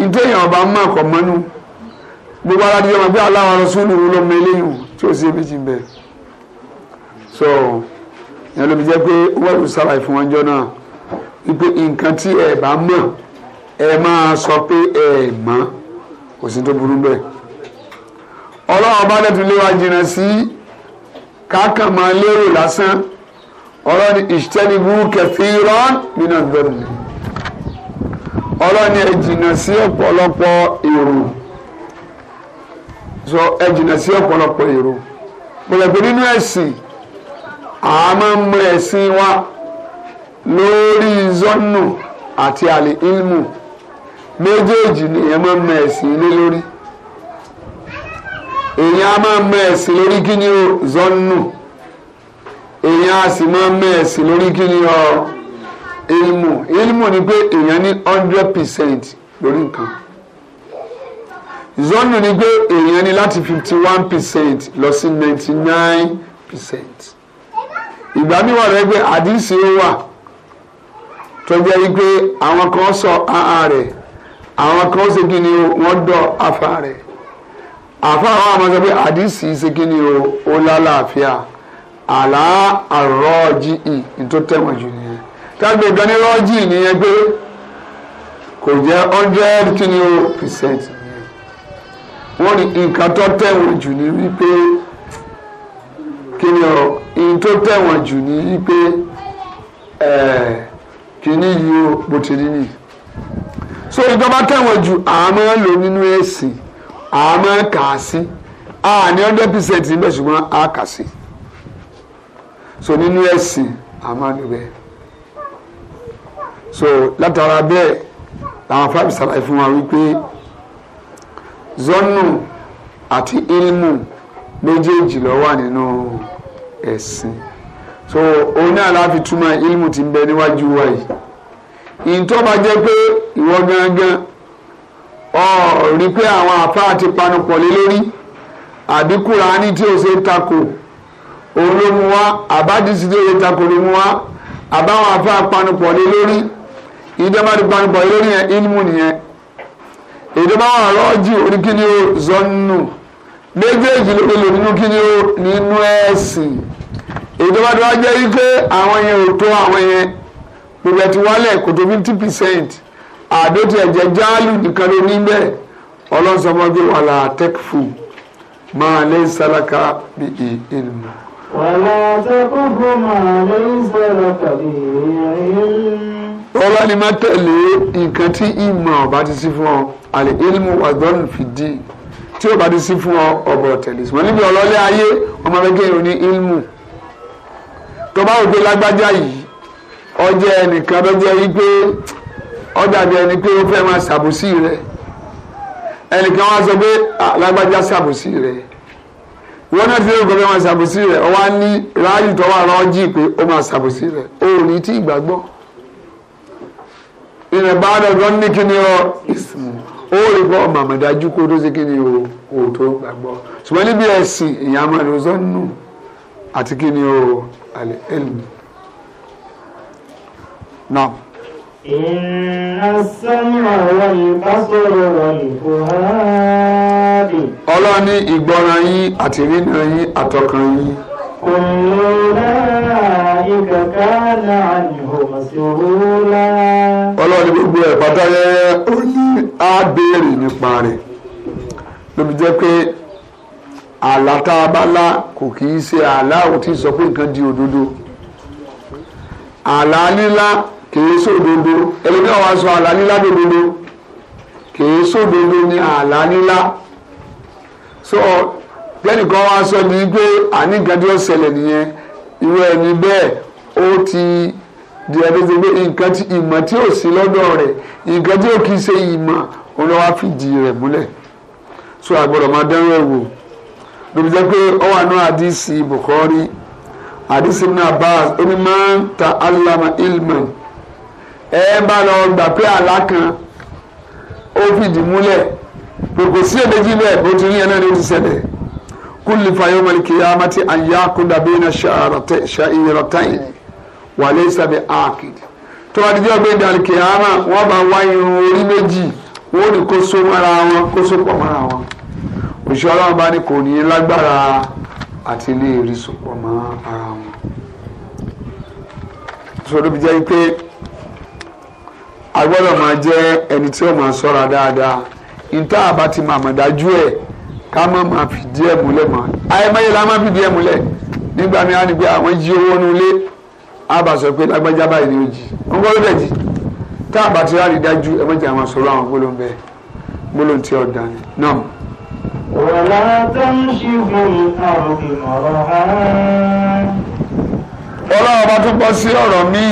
Speaker 2: ìdéyàn ọba mọ̀ kọ́ gbogbo ara ni yọmọ pé aláwọ arọsúlù ló mọ eléyìí tí ó sì ebi jì bẹ so ìyẹn ló fi jẹ pé ó wà lóṣù sábà ìfún ọjọ́ náà wípé nǹkan tí ẹ bá mọ̀ ẹ máa sọ pé ẹ mọ̀ kò sí tó burú bẹ́ẹ̀ ọlọ́run bá dẹ̀tún lé wa jìnnà sí káàkàn máa lérò lásán ọlọ́ni ìṣẹ́nibú kẹfìrán nínú ìgbẹ́rù ọlọ́ni ẹ jìnnà sí ọ̀pọ̀lọpọ̀ èrò so ẹ jìnnà sí ọ̀pọ̀lọpọ̀ èrò pẹ̀lẹ́pẹ̀ nínú ẹ̀sìn àmọ́ mọ ẹ̀sìn wa lórí zọ́nù àti àlè ilmu méjèèjì ni èèyàn máa ń mọ ẹ̀sìn ilé lórí èèyàn á máa mọ ẹ̀sìn lórí kí ni o zọ́nù èèyàn á sì máa mọ ẹ̀sìn lórí kí ni o ilmu ilmu ni pé èèyàn ní hundred percent lórí nǹkan zọ́nù ni pé èèyàn ni láti fifty one percent lọ sí ninety nine percent ìgbà mi wà rẹ pé àdìsí ó wà tó jẹ́ wípé àwọn kan sọ ahàn rẹ̀ àwọn kan ṣe kí ni wọ́n dọ̀ afa rẹ̀ àfa àwọn àmọ́ sọ pé àdìsí ṣe kí ni ó lálàáfíà àlá àrọ́ọ̀jì ì tó tẹ̀wọ̀n jù nìyẹn kágbé ní rọ́ọ̀jì nìyẹn pé kò jẹ́ hundred kí ni ó percent wọ́n ní nǹkan tó tẹ̀wọ̀n jù ní wípé kí ni ọ ìyìn tó tẹ̀wọ̀n jù ní wípé kìíní yìí ó bó ti rí nìyí so ìjọba tẹ̀wọ̀n jù àmọ́ lò nínú ẹ̀sìn àmọ́ kà á sí a ní hundred percent níbẹ̀ ṣùgbọ́n a kà sí so nínú ẹ̀sìn àmọ́ níbẹ̀ so látara bẹ́ẹ̀ làwọn fábí ṣàlàyé fún wa wípé zọ́nù àti ilmu méjèèjì ló wà nínú ẹ̀sìn so òun náà láfi túmọ̀ ilmu ti ń bẹ níwájú wa yìí ìtọ́ bá jẹ́ pé ìwọ gangan ọ rí pé àwọn àfáà ti panupọ̀ lé lórí àbí Kùránì tí o ṣe takò òun ló mú wá àbádìsí tí o ṣe takò ló mú wá àbáwọn àfáà panupọ̀ lé lórí ìjọba ti panupọ̀ lé lórí yẹn ilmu nìyẹn èdè bá wà rọ́ọ̀jì orí kí ni ó zọ́nù méjèèjì ló lè nínú kí ni ó nínú ẹ̀sìn èdè bá dọ́wọ́ jẹ́ wípé àwọn yẹn ò tó àwọn yẹn gbogbo ẹ̀ ti wálẹ̀ kò tó fifty percent àdótì ẹ̀jẹ̀ jáàlù nìkan ló ní bẹ́ẹ̀ ọlọ́sọmọdé wà là tẹ́kfù máa lé sálákà bí ìlú.
Speaker 1: wàlá tẹ́kùn fún màá lé sálákà bí
Speaker 2: ìlú ọlá ni má tẹ̀lé nǹkan tí ìmọ̀ ọba ti sí fún ọ àlè ilmu wàgbọ́n fìdí tí ọba ti sí fún ọ ọbọ̀ tẹ̀lé ṣùgbọ́n níbi ọlọ́lẹ́ ayé ọmọ rẹ kéèyàn ní ilmu tó bá òpin lágbájá yìí ọjọ́ ẹnìkan tó jẹ́ wípé ọ̀dàbí ẹni pé ó fẹ́ máa ṣàbòsí rẹ ẹnìkan wá sọ pé lágbájá ṣàbòsí rẹ wọn náà ti lè gbọ́ pé máa ṣàbòsí rẹ ọwọ́ á ní ráàyè tó wà lọ́ọ́ pé ó máa ṣàbòsí rẹ òòrùn tí ì ìrìn bá dọ̀gbọ́n ní kíni ọ ó rí bọ́ màmàdájú kó tó ṣe kíni o kò tó gbàgbọ́ ṣùgbọ́n níbi ẹ̀sìn ìyá amadozọ́ nù àti kíni o alẹ́ ẹ̀lù ọlọ́ni ìgbọ́ràn yín àtìrínà yín àtọkàn yín.
Speaker 1: كل أولئك كان عنه مسؤولا ọlọ́run gbogbo ẹ̀ pátá yẹ́yẹ́ ó ní á
Speaker 2: béèrè nípa rẹ̀ lóbi jẹ́ pé àlá tá a bá lá kò kì í ṣe àlá ò tí ì sọ pé nǹkan di òdodo àlá lílá kì í sòdodo ẹlòmíràn wá sọ àlá lílá dòdodo kì í sòdodo ní àlá lílá so tẹ́nìkan wá sọ ní pé àní nǹkan tí ó ṣẹlẹ̀ nìyẹn irú ẹni bẹ́ẹ̀ ó ti di ẹni tó gbé nǹkan tí ìmọ̀ tí ò sí lọ́dọ̀ rẹ̀ nǹkan tí ò kì í ṣe ìmọ̀ òun lọ́wọ́ fìdí rẹ̀ múlẹ̀ so àgbọ̀dọ̀ máa dánwó ẹ̀ wò lóbi jẹ́ pé ó wà náà àdìsí Bukhari àdìsí ibn Abbas ó ní máa ń ta alama ilman ẹ bá lọ gbà pé àlá kan ó fìdí múlẹ̀ kò kò sí èdèjì bẹ́ẹ̀ bó ti rí ẹ náà ló ti ṣẹlẹ̀ kulifa yawma al-qiyamati an yaquda bayna sha'iratayn wa laysa bi aqid tó bá dijọ́ gbé dàlí kìámà wọ́n bá wá irun orí méjì wọ́n ní kó so mọ́ra wọn kó so pọ̀ mọ́ra wọn òṣìṣẹ́ ọlọ́run bá ní kò ní lágbára àti lè rí so pọ̀ mọ́ ara wọn. sọdọ́ bí jẹ́ pé a gbọ́dọ̀ máa jẹ́ ẹni tí ó máa sọ́ra dáadáa níta àbá ti máa mọ̀ dájú ẹ̀ ká má máa fi díẹ̀ múlẹ̀ mọ́ ayẹmọye la máa fi díẹ̀ múlẹ̀ nígbà mi á pé àwọn jí owó nu ilé á sọ pé lágbájá báyìí ni ó jì wọn kọ́ ló dẹ̀ jì tá a bá ti ráàlì dájú ẹ mọ̀jà àwọn sọ̀rọ̀ àwọn gbólóhùn bẹ́ẹ̀ gbólóhùn tí ọ̀dà ni náà.
Speaker 1: wàlá tẹ́ǹsì mi àrùn ìmọ̀ràn án. ọlọ́run ọba tún bọ́ sí ọ̀rọ̀ míì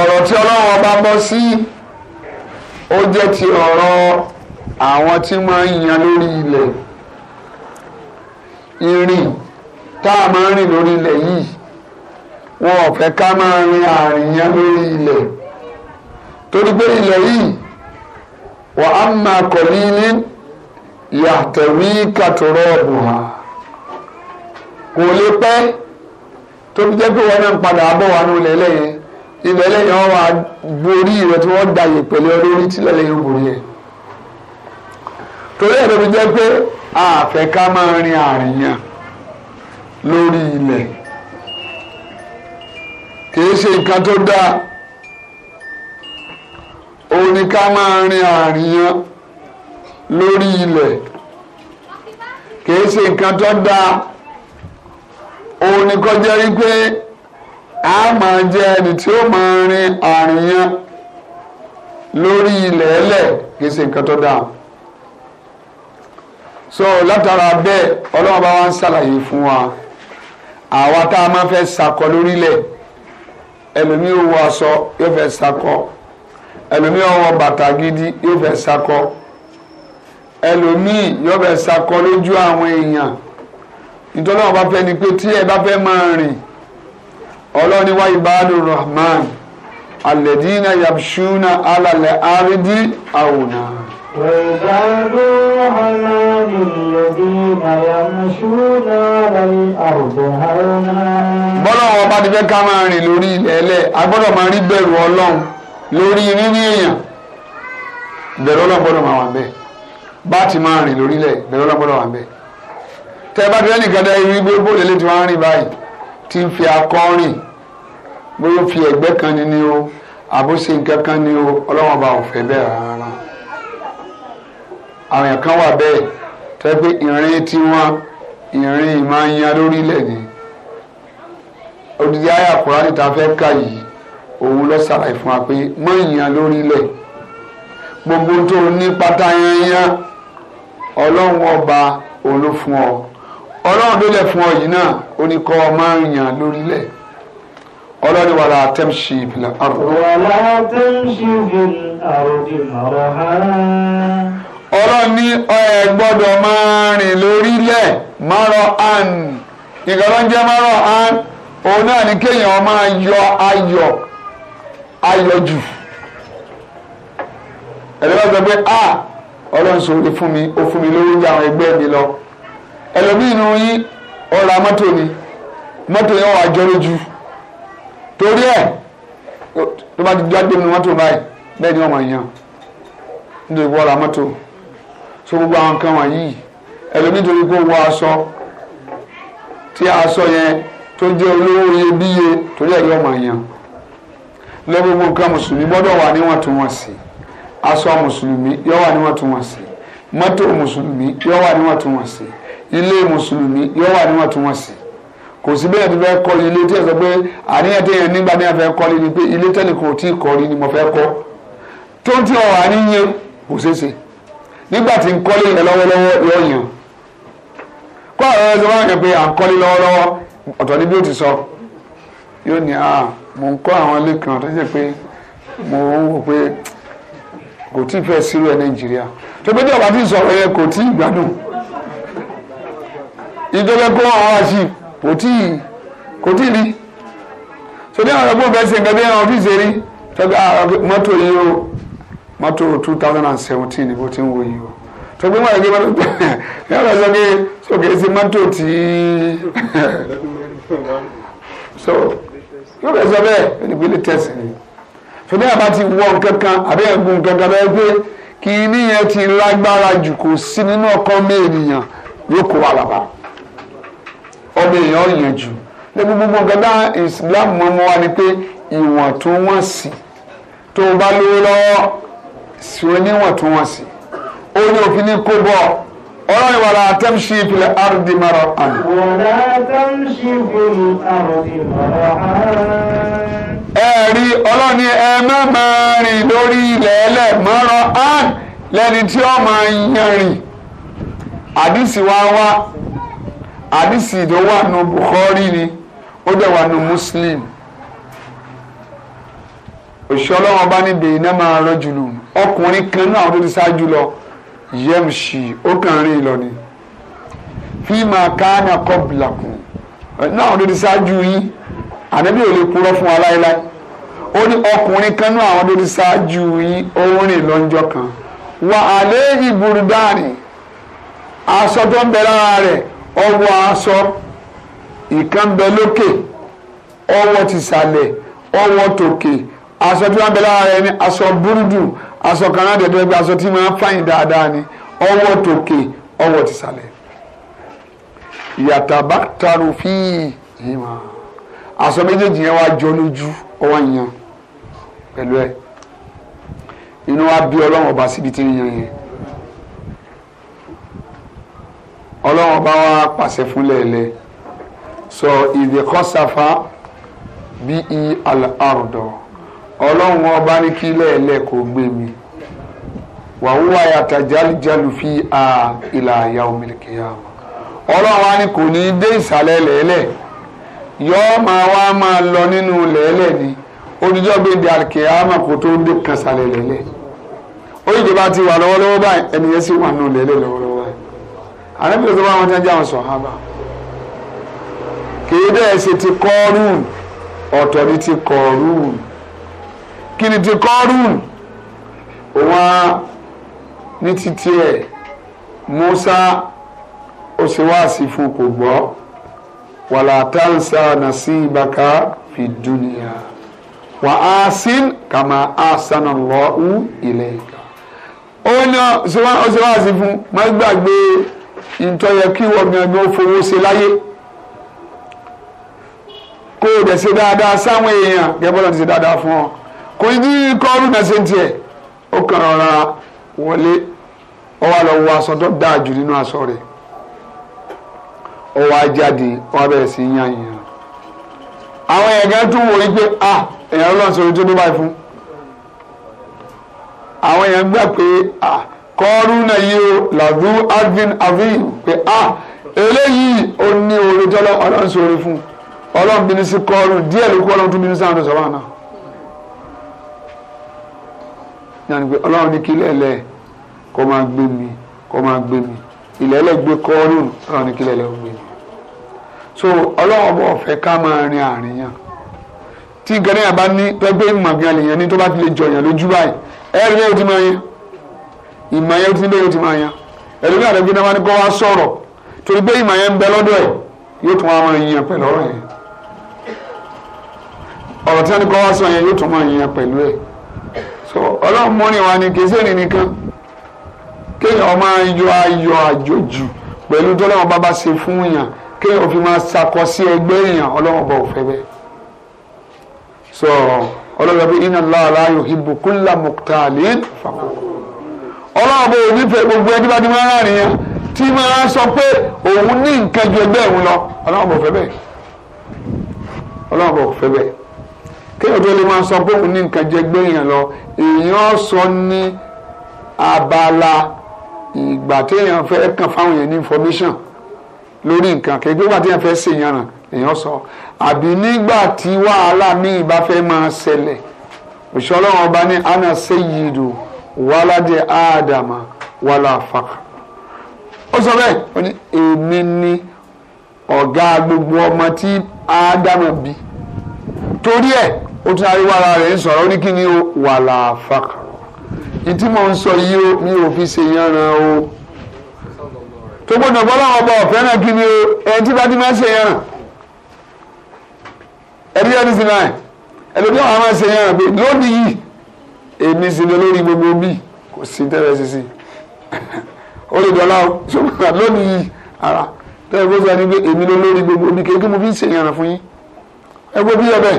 Speaker 2: ọ̀rọ̀ tí ọlọ́run ọba bọ́ sí ó jẹ́ ti ọ̀rọ̀ àwọn tí wọ́n ń yan lórí ilẹ̀ irin tá a máa ń rìn lórí ilẹ̀ yìí wọn ò fẹ́ ká máa rin àrìn yan lórí ilẹ̀ torí pé ilẹ̀ yìí wà á máa kọ̀ ní ilé yàtẹ̀wí kàtúrọ̀ ọ̀bùnà kò lè pẹ́ tóbi jẹ́ pé wọn náà ń padà bọ̀ wá ní lẹ́yìn ilẹ̀ lẹ́yìn wọn wà borí rẹ̀ tí wọ́n dàyè pẹ̀lú olórí tílẹ̀ lẹ́yìn òbòrí yẹn torí ẹ̀ ló fi jẹ́ pé àfẹ́ ká máa rin àríyàn lórí ilẹ̀ kìí ṣe nǹkan tó dáa òun ni ká máa rin àríyàn lórí ilẹ̀ kìí ṣe nǹkan tó dáa òun ni kó jẹ́ wípé a máa jẹ́ ẹni tí ó máa rin àríyàn lórí ilẹ̀ ẹlẹ̀ kìí ṣe nǹkan tó dáa so látara bẹ́ẹ̀ ọlọ́run bá wa ń ṣàlàyé fún wa àwa tá a máa fẹ́ sakọ lórílẹ̀ ẹlòmíì ó wọ aṣọ yóò fẹ́ sakọ ẹlòmíì ó wọ bàtà gidi yóò fẹ́ sakọ ẹlòmíì yóò fẹ́ sakọ lójú àwọn èèyàn nítorí àwọn bá fẹ́ ni pé tí ẹ bá fẹ́ máa rìn ọlọ́ni wá ibadur rahman alẹ́dínà yabṣúná alàlẹ́ àrídí àwòrán.
Speaker 1: ويجعلوها للذين يمشون على الأرض هونا bọ́lọ́wọ́ bá ti fẹ́ ká máa rìn lórí ilẹ̀ ẹlẹ́
Speaker 2: a gbọ́dọ̀ máa rí bẹ̀rù ọlọ́run lórí rírí èèyàn bẹ̀rù ọlọ́run gbọ́dọ̀ máa wà bẹ́ẹ̀ bá ti máa rìn lórí ilẹ̀ bẹ̀rù ọlọ́run gbọ́dọ̀ wà bẹ́ẹ̀ tẹ́ ẹ bá ti rẹ́nìkan dá irí gbé bóòlù ilé tí wọ́n á rìn báyìí tí fi akọ́ rìn bóyá ó fi ẹ̀gbẹ́ kan ni ni o àbó nǹkan kan ni o ọlọ́run ọba ò fẹ́ bẹ́ẹ̀ rárá àwọn èèyàn kan wà bẹ́ẹ̀ tẹ́ pé ìrìn tiwọn ìrìn máa ń yan lórílẹ̀ ni odidi ayé àkùránì tá a fẹ́ kà yìí òun lọ ṣàlàyé fún wa pé mọ ìyàn lórílẹ̀ gbogbo tó ní pátá yẹnyẹn ọlọ́run ọba òun ló fún ọ ọlọ́run ló lẹ̀ fún ọ yìí náà ó ní kọ́ ọ máa ń yàn lórílẹ̀ ọlọ́run wà lá tẹ́mṣì ìbílẹ̀ àrùn. wà lá
Speaker 1: tẹ́mṣì ìbílẹ̀ àrùn ìmọ̀ràn ọlọ́run ní ẹ gbọ́dọ̀ máa rìn lórílẹ̀ márọ̀
Speaker 2: àn nǹkan ló ń jẹ́ márọ̀ àn òun náà ní kéèyàn máa yọ ayọ̀ ayọ̀ jù ẹ̀rọ sọ pé a ọlọ́run sọ̀rọ̀ fún mi ó fún mi lórí àwọn ẹgbẹ́ mi lọ ẹlòmíì nù yín ọ̀rọ̀ amọ́tò ni mọ́tò yẹn wà jọ lójú torí ẹ̀ tó bá ti jáde nínú mọ́tò báyìí bẹ́ẹ̀ ni wọ́n máa yàn nítorí wọ́n ra mọ́tò so gbogbo àwọn nǹkan wọ̀nyí ẹlòmíì torí kó wọ aṣọ tí aṣọ yẹn tó jẹ́ olówó iyebíye torí ẹ̀rí ọmọ yẹn lọ gbogbo nǹkan mùsùlùmí gbọ́dọ̀ wà níwọ̀ntúnwọ̀nsì aṣọ mùsùlùmí yọ wà níwọ̀ntúnwọ̀nsì mọ́tò mùsùlùmí yọ wà níwọ̀ntúnwọ̀nsì ilé mùsùlùmí yọ wà níwọ̀ntúnwọ̀nsì kò sí bẹ́ẹ̀ tó fẹ́ kọ́ ilé tí ẹ sọ pé àníyàn nígbà náà ni pé ilé tẹ́lẹ̀ kò tí ni mo fẹ́ kọ́ tó ń nígbà tí ń kọ́lé yẹn lọ́wọ́lọ́wọ́ yọ yàn kọ́ àwọn ẹgbẹ́ wọn yẹn pé à ń kọ́lé lọ́wọ́lọ́wọ́ ọ̀tọ̀ ni bí ó ti sọ yóò ní à mò ń kọ́ àwọn ilé kan tó ṣe pé mo wò pé kò tí ì fẹ́ sírò ẹ̀ nàìjíríà tó pé tí ọba ti sọ̀rọ̀ yẹn kò tí ì gbádùn ìjọba kó àwọn àṣì kò tí ì kò tí ì rí so ní àwọn ọgbọ́n bẹ́ẹ̀ ṣe bí ẹran ọ́fíìsì rí tọ́ka mọ́tò yìí o. Mato 2017 thousand and seventeen ni bó ti ń wo yìí o tó gbé mọ́tò gbé mọ́tò yàrá sọ pé sókè sí mọ́tò tí [laughs] so yóò fẹ́ sọ bẹ́ẹ̀ ẹni pé ni so bí yàrá bá ti wọ nǹkan kan àbí ẹ̀gbọ́n nǹkan kan bẹ́ẹ̀ pé kí ní yẹn ti lágbára jù kò sí nínú ọkàn mi ènìyàn yóò kó wa ọmọ èèyàn yẹn jù lẹ́gbẹ́ gbogbo nǹkan náà Islam mọ́ wa ni pé ìwọ̀ntúnwọ̀nsì tó o bá lówó lọ́wọ́ sí oníwọ̀ntúnwọ̀nsì
Speaker 1: ó ní òfin ní kó bọ̀ ọ̀rọ̀ ìwà la ardi mara an. mara'an. wala tamshi fil ardi mara an. rí ọlọ́ni ẹ má máa rìn lórí ilẹ̀ ẹlẹ̀ mara'an
Speaker 2: lẹ́ni tí ó máa yan rìn àdìsí wa wá àdìsí ìdánwò àná Bukhari ni ó dẹ̀ wà nù Muslim òṣìṣẹ́ ọlọ́run bá ní bèyìnà máa rọ́jù lù ọkùnrin kan náà tó ti ṣáájú lọ yẹ́mùsì ó kàn rìn lọ ni fíìmà káàní àkọ́bìlàkùn náà tó ti ṣáájú yín ànábì ò lè purọ́ fún wa láéláé ó ní ọkùnrin kan náà àwọn tó ti ṣáájú yín ó rìn lọ́njọ́ kan wà á lé ìbúrúdárì aṣọ tó ń bẹ lára rẹ̀ ọwọ́ aṣọ ìkan lókè ọwọ́ tìsàlẹ̀ ọwọ́ tòkè aṣọ tí wọ́n bẹ lára rẹ̀ ni aṣọ búrúdù aṣọ kan náà dẹ̀dẹ̀ gbé aṣọ tí máa ń fàyìn dáadáa ni ọwọ́ tòkè ọwọ́ ti sàlẹ̀ yàtàbá tarò fíì hìmà aṣọ méjèèjì yẹn wá jọ lójú ọwọ́ yan pẹ̀lú ẹ̀ inú wa bí ọlọ́run ọba síbi tí ń yan yẹn ọlọ́run ọba wa pàṣẹ fún lẹ́ẹ̀lẹ́ sọ ìdíkọ́sáfá bíi alárùdọ̀. So, ọlọ́run ọba ní kí lẹ́ẹ̀lẹ́ kò gbé mi wàhùwà yàtà jálùjálù fi à ìlà àyà òmìnirikì yà wà ọlọ́run ni kò ní í dé ìsàlẹ̀ lẹ́ẹ̀lẹ́ yọ́ọ́ máa wá máa lọ nínú lẹ́ẹ̀lẹ́ ni oníjọ́ gbèdé àkèámà kò tó dé kan sàlẹ̀ lẹ́lẹ̀ bá ti wà lọ́wọ́lọ́wọ́ báyìí ẹnìyẹn sì wà nù lẹ́lẹ̀ lọ́wọ́lọ́wọ́ báyìí ànábìyẹ tó bá wọn ti kìrìtì kọ́rùn wọn ní títí ẹ̀ Musa ó sì wá sí fún kò gbọ́ wàlá táǹsà nasibaka fi dunya wà á sin kàmá ahsanallahu ilayka ó ní ó sì wá sí fún má gbàgbé ntọ́yẹ kí wọ́n gbẹ̀gbẹ́ ó fowó ṣe láyé kó o dẹ̀ ṣe dáadáa sáwọn èèyàn gẹ́gẹ́ bọ́lá ti ṣe dáadáa fún ọ kò ní kọ́ọ̀rù náà ṣe ń tiẹ̀ ó kàn rọra wọlé ó wá lọ wọ aṣọ tó dáa jù nínú aṣọ rẹ̀ ó wá jáde ó wá bẹ̀rẹ̀ sí í yan yàn àwọn ẹ̀gẹ́ tún wò ó a, ah èèyàn ló ń sọ ojú tó báyìí fún àwọn èèyàn gbà pé ah kọ́ọ̀rù náà yìí ó làdú advin avin pé ah eléyìí ó ní oore tọ́lọ́ ọlọ́run sọ oore fún ọlọ́run bínú sí kọ́ọ̀rù díẹ̀ ló kú ọlọ́run tún bínú sí àwọn ọ̀dọ́ náà. náà ni pé ọlọ́run ní kí lẹ́lẹ̀ kó máa gbé mi kó máa gbé mi ilẹ̀ ẹlẹ́gbẹ́ kọ́ọ́rùn ọlọ́run ní kí lẹ́lẹ̀ ó gbé mi. so ọlọ́run ọba ọ̀fẹ́ ká máa rin àárín yàn tí gẹ́lẹ́ yàn bá ní pẹ́gbẹ́ ìmọ̀ gan lèèyàn ní tó bá ti lè jọyàn lójú báyìí ẹ̀rí yẹn ó ti máa yan ìmọ̀ yẹn ti bẹ́ẹ̀ ó ti máa yan ẹ̀rí náà lẹ́gbẹ́ náà wá wá sọ̀rọ̀ torí pé ìmọ̀ yẹn ń bẹ lọ́dọ̀ ẹ̀ yóò tún wá máa yan pẹ̀lú ọ̀rọ̀ yẹn ọ̀rọ̀ tí wọ́n ní kó wá sọ yẹn yóò tún máa yan pẹ̀lú ẹ̀ so ọlọ́run ni wa ni kìí ni nìkan kéèyàn máa yọ ayọ̀ àjòjù pẹ̀lú tọ́lọ́run bá bá ṣe fún yàn kéèyàn fi máa sakọ sí ẹgbẹ́ èèyàn ọlọ́run bá fẹ́ bẹ́ẹ̀ so ọlọ́run bí iná láàlá yóò hibù kúlà mọ̀tàlì fàkó ọlọ́run bó nífẹ̀ẹ́ gbogbo ẹni bá ti máa rà nìyẹn tí máa sọ pé òun ní nǹkan ju ẹgbẹ́ òun lọ ọlọ́run bá fẹ́ bẹ́ẹ̀ ọlọ́run bá fẹ́ bẹ́ẹ̀ kéèyàn tó lè máa sọ pé òun ní nǹkan jẹ gbé lọ èèyàn sọ ní abala ìgbà téèyàn fẹ́ kàn fáwọn èèyàn ní information lórí nǹkan kéèyàn gbégbà téèyàn fẹ́ ṣèyàn ràn èèyàn sọ àbí nígbà tí wàhálà míì bá fẹ́ máa ṣẹlẹ̀ òṣìṣẹ́ ọlọ́run ní ana seyidu wàládé ádámà wàlá fàkà ó sọ bẹ́ẹ̀ ó ní èmi ni ọ̀gá gbogbo ọmọ tí ádámà bí torí ẹ̀ ó tún aríwá ara rẹ̀ ń sọ̀rọ̀ ó ní kí ni ó wà láàfàkà ìtí mò ń sọ yìí ó mi ò fi ṣe yanran o tó gbọ́dọ̀ bọ́ láwọn ọba ọ̀fẹ́ náà kí ni o ẹni tí bá máa ṣe yanran ẹbí ẹni sì náà ẹni tí wọ́n máa ṣe yanran pé lónìí yìí èmi sì ni olórí gbogbo bí kò sí tẹ́lẹ̀ sísì ó lè dọ́là o ṣùgbọ́n lónìí yìí ara tẹ́lẹ̀ bó ṣe ni pé èmi ni olórí gbogbo bí kékeré mo fi ń ṣe yanran fún yín ẹ gbọ́ bí ọbẹ̀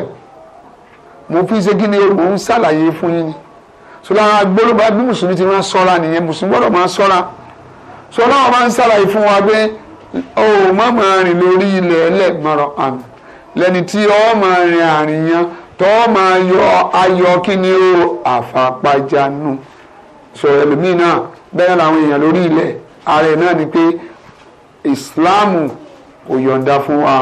Speaker 2: mo fi ṣe kí ni o ń ṣàlàyé fún yín ni sọlá gbólóba bí mùsùlùmí ti máa sọ́ra nìyẹn mùsùlùmí gbọ́dọ̀ máa sọ́ra sọlá wọn máa ń ṣàlàyé fún wa pé o ò má máa rìn lórí ilẹ̀ ẹlẹ́gbọ̀nrọ̀ àmì lẹ́ni tí ọ máa rìn àríyàn tọ́ máa yọ ayọ̀ kí ni o àfàpájánú sọ̀rọ̀ ẹlòmíì náà bẹ́ẹ̀ làwọn èèyàn lórí ilẹ̀ ààrẹ náà ni pé ìsìláàmù kò yọ̀ǹda fún wa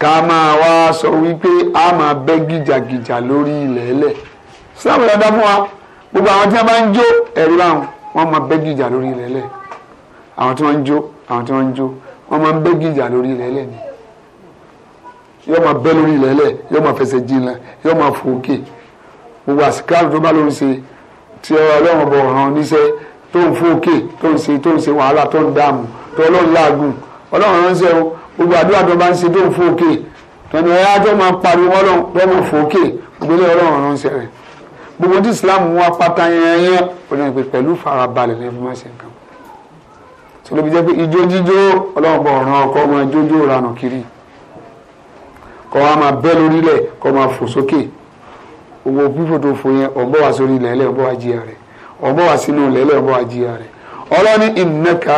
Speaker 2: ká máa wá sọ wípé a máa bẹ́ gìjàgìjà lórí ilẹ̀ ẹlẹ̀ sábà dáadáa fún wa gbogbo àwọn tí wọ́n bá ń jó ẹ̀rí báwọn wọ́n máa bẹ́ gìjà lórí ilẹ̀ ẹlẹ̀ àwọn tí wọ́n ń jó àwọn tí wọ́n ń jó wọ́n máa ń bẹ́ gìjà lórí ilẹ̀ ẹlẹ̀ ni yóò máa bẹ́ lórí ilẹ̀ ẹlẹ̀ yóò máa fẹsẹ̀ jinlẹ̀ yóò máa fò òkè gbogbo àsìkáàlù tó bá lórí ṣe tí ọlọ́run bọ̀ ọ̀ràn oníṣẹ́ tó ń fò òkè tó ń ṣe tó ń ṣe wàhálà tó ń dààmú tó ọlọ́run láàgùn ọlọ́run ránṣẹ́ o gbogbo àdúrà tó bá ń ṣe tó ń fòkè tọ́ni ẹ̀yà tó máa pariwo ọlọ́run tó máa fòkè gbélé ọlọ́run ọ̀run ṣẹlẹ̀ gbogbo tí Islam wá pátá yẹn yẹn ó lè pẹ̀lú farabalẹ̀ ní ẹ̀fọ́ máa nǹkan tó ló jẹ́ pé ijó jíjó ọlọ́run bọ̀ ọ̀ràn ọkọ ọmọ ìjójó ranù kiri kọ́ wa máa bẹ́ lórílẹ̀ kọ́ máa fò sókè gbogbo fífò tó fò yẹn ọ̀bọ̀ wá sórí ilẹ̀ ọ̀bọ̀ wá jìyà rẹ̀ ọ̀bọ̀ wá sínú ilẹ̀ ọ̀bọ̀ wá jìyà rẹ̀ ọlọ́ni ìnẹ́ka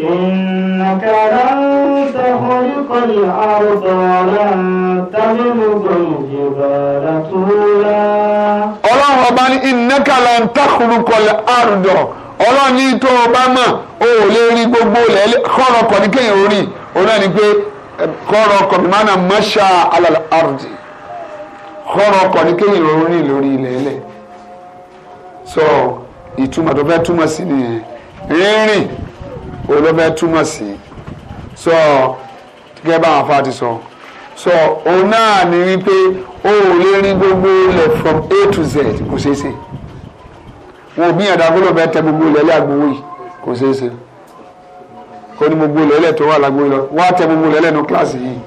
Speaker 1: إنك لن تخلق الأرض ولن تبلغ الجبال طولا ọlọ́run ọba ní ìnáka la ń tàkùrùkọ̀lẹ̀
Speaker 2: àrùdọ̀ ọlọ́run ní tó o bá mọ̀ o ò lè rí gbogbo ilẹ̀ kọ́rọ̀ kọ̀ ní kéèyàn orí òun ni pé kọ́rọ̀ kọ̀ ní mánà mọ́ṣá alàlẹ́ àrùdì kọ́rọ̀ kọ̀ ní kéèyàn orí lórí ilẹ̀ ẹlẹ̀ sọ ìtumọ̀ tó fẹ́ túmọ̀ sí nìyẹn rírìn olóbẹ́ túmọ̀ sí sọ gẹ́gẹ́ bá àwọn afá ti sọ sọ òun náà ni wípé o ò lè rí gbogbo ilẹ̀ from A to Z kò ṣeé ṣe wọn ò gbìyànjú agbóló bẹ́ẹ̀ tẹ gbogbo ilẹ̀ ilẹ̀ agbowó yìí kò ṣeé ṣe kò ní gbogbo ilẹ̀ tó wà lágbo lọ wọ́n á tẹ gbogbo ilẹ̀ lẹ́nu kíláàsì yìí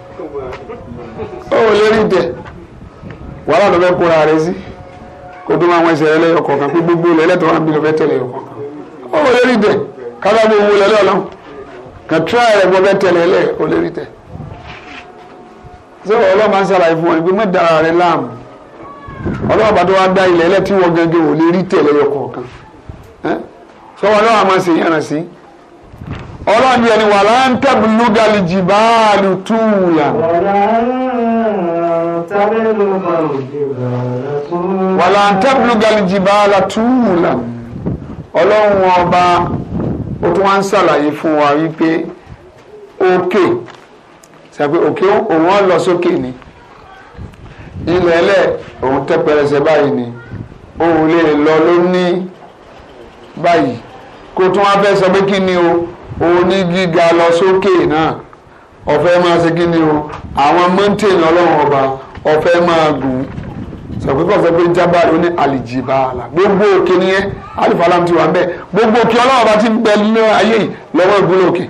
Speaker 2: o ò lè rí bẹ́ẹ̀ wàhálà ló fẹ́ kóra rẹ sí kó tó máa wọ́n ẹsẹ̀ ẹlẹ́yọ̀ kọ̀ọ̀kan pé gbogbo ilẹ̀ tó wà níbi ló fẹ́ tẹ̀lé ọkọ̀ o ò lè rí bẹ́ẹ̀ kábà bí owó lẹ́lẹ́ ọlọ́run kan tíráì rẹ̀ gbọ́dọ̀ tẹ̀lé lẹ̀ ó lè rí tẹ̀. ṣé ọlọ́run máa ń ṣàlàyé fún wọn pé má dára rẹ̀ láàmú ọlọ́run bá tó wá dá ilẹ̀ ẹlẹ́ tí wọ́n gangan ò lè rí tẹ̀lé ọkọ̀ọ̀kan sọ́wọ́n náà máa ń ṣe yànnà sí ọlọ́run yẹn ni wà láà ń tẹ̀bù jìbáàlù túùlà.
Speaker 1: wà láà ń tẹ̀bù
Speaker 2: jìbáàlù túùlà ọlọ́run ọba ó tún wá ń ṣàlàyé fún wa wípé òkè sàpé òkè òun á lọ sókè ni ilẹ̀ ẹlẹ̀ òun tẹ́ pẹrẹsẹ báyìí ni òun lè lọ ló ní báyìí kó tún wá fẹ́ sọ pé kí ni o òun ní gíga lọ sókè náà ọ̀fẹ́ máa ṣe kí ni o àwọn mọ́ńtèèni ọlọ́run ọba ọ̀fẹ́ máa gùn sọ̀kú kọ́ sọ pé jábàrú ní àlìjìbàlà gbogbo òkè nìyẹn alifalam ti wà ń bẹ gbogbo òkè ọlọ́run bá ti ń bẹ ní ayé yìí lọ́wọ́ ìgbóná òkè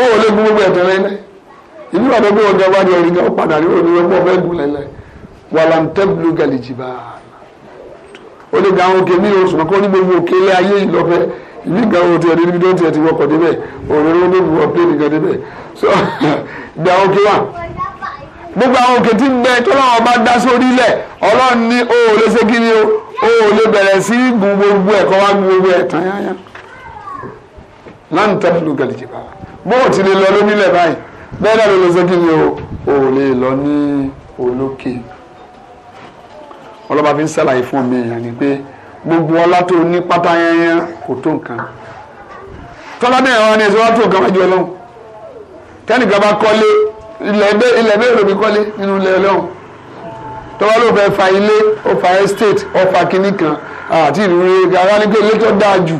Speaker 2: ó ò lè gun gbogbo ẹ̀tọ́ lẹ́lẹ́ ìlú àti ẹgbẹ́ ọ̀gá wájú ẹ̀rín gan padà ní òní ọgbọ́n ọ̀fẹ́ gun lẹ́lẹ́ wàlàǹtẹ́bùlù gàlìjìbàlà ó lè ga àwọn òkè ní oṣù gbogbo òkè ilé ayé yìí lọ́fẹ́ ìlú so ìgbà [laughs] òkè gbogbo àwọn òkè tí ń bẹ tọ́lọ́wọ́n bá dá sórí lẹ̀ ọlọ́run ní o ò lè ṣe kí ni o o ò lè bẹ̀rẹ̀ sí gun gbogbo ẹ̀ kọ́ wá gun gbogbo ẹ̀ tán yányá láǹtà ló gàlè jìbá bó o ti lè lọ lónílẹ̀ báyìí bẹ́ẹ̀ náà ló lè ṣe kí ni o o ò lè lọ ní olókè ọlọ́ba fi ń ṣàlàyé fún mi èèyàn ni pé gbogbo ọlá tó ní pátá yányá kò tó nǹkan tọ́lá náà wọn ni ẹ̀sọ́ wá tó nǹkan wájú ọlọ́run tẹ́nìkan bá kọ́lé ilẹ̀ bẹ́ẹ̀ lómi kọ́lé nínú ilẹ̀ ọlọ́run tọ́wọ́ ló fẹ́ fa ilé ó fa estate ó fa kínní kan àti ìrírí gara ní pé ilé tó dáa jù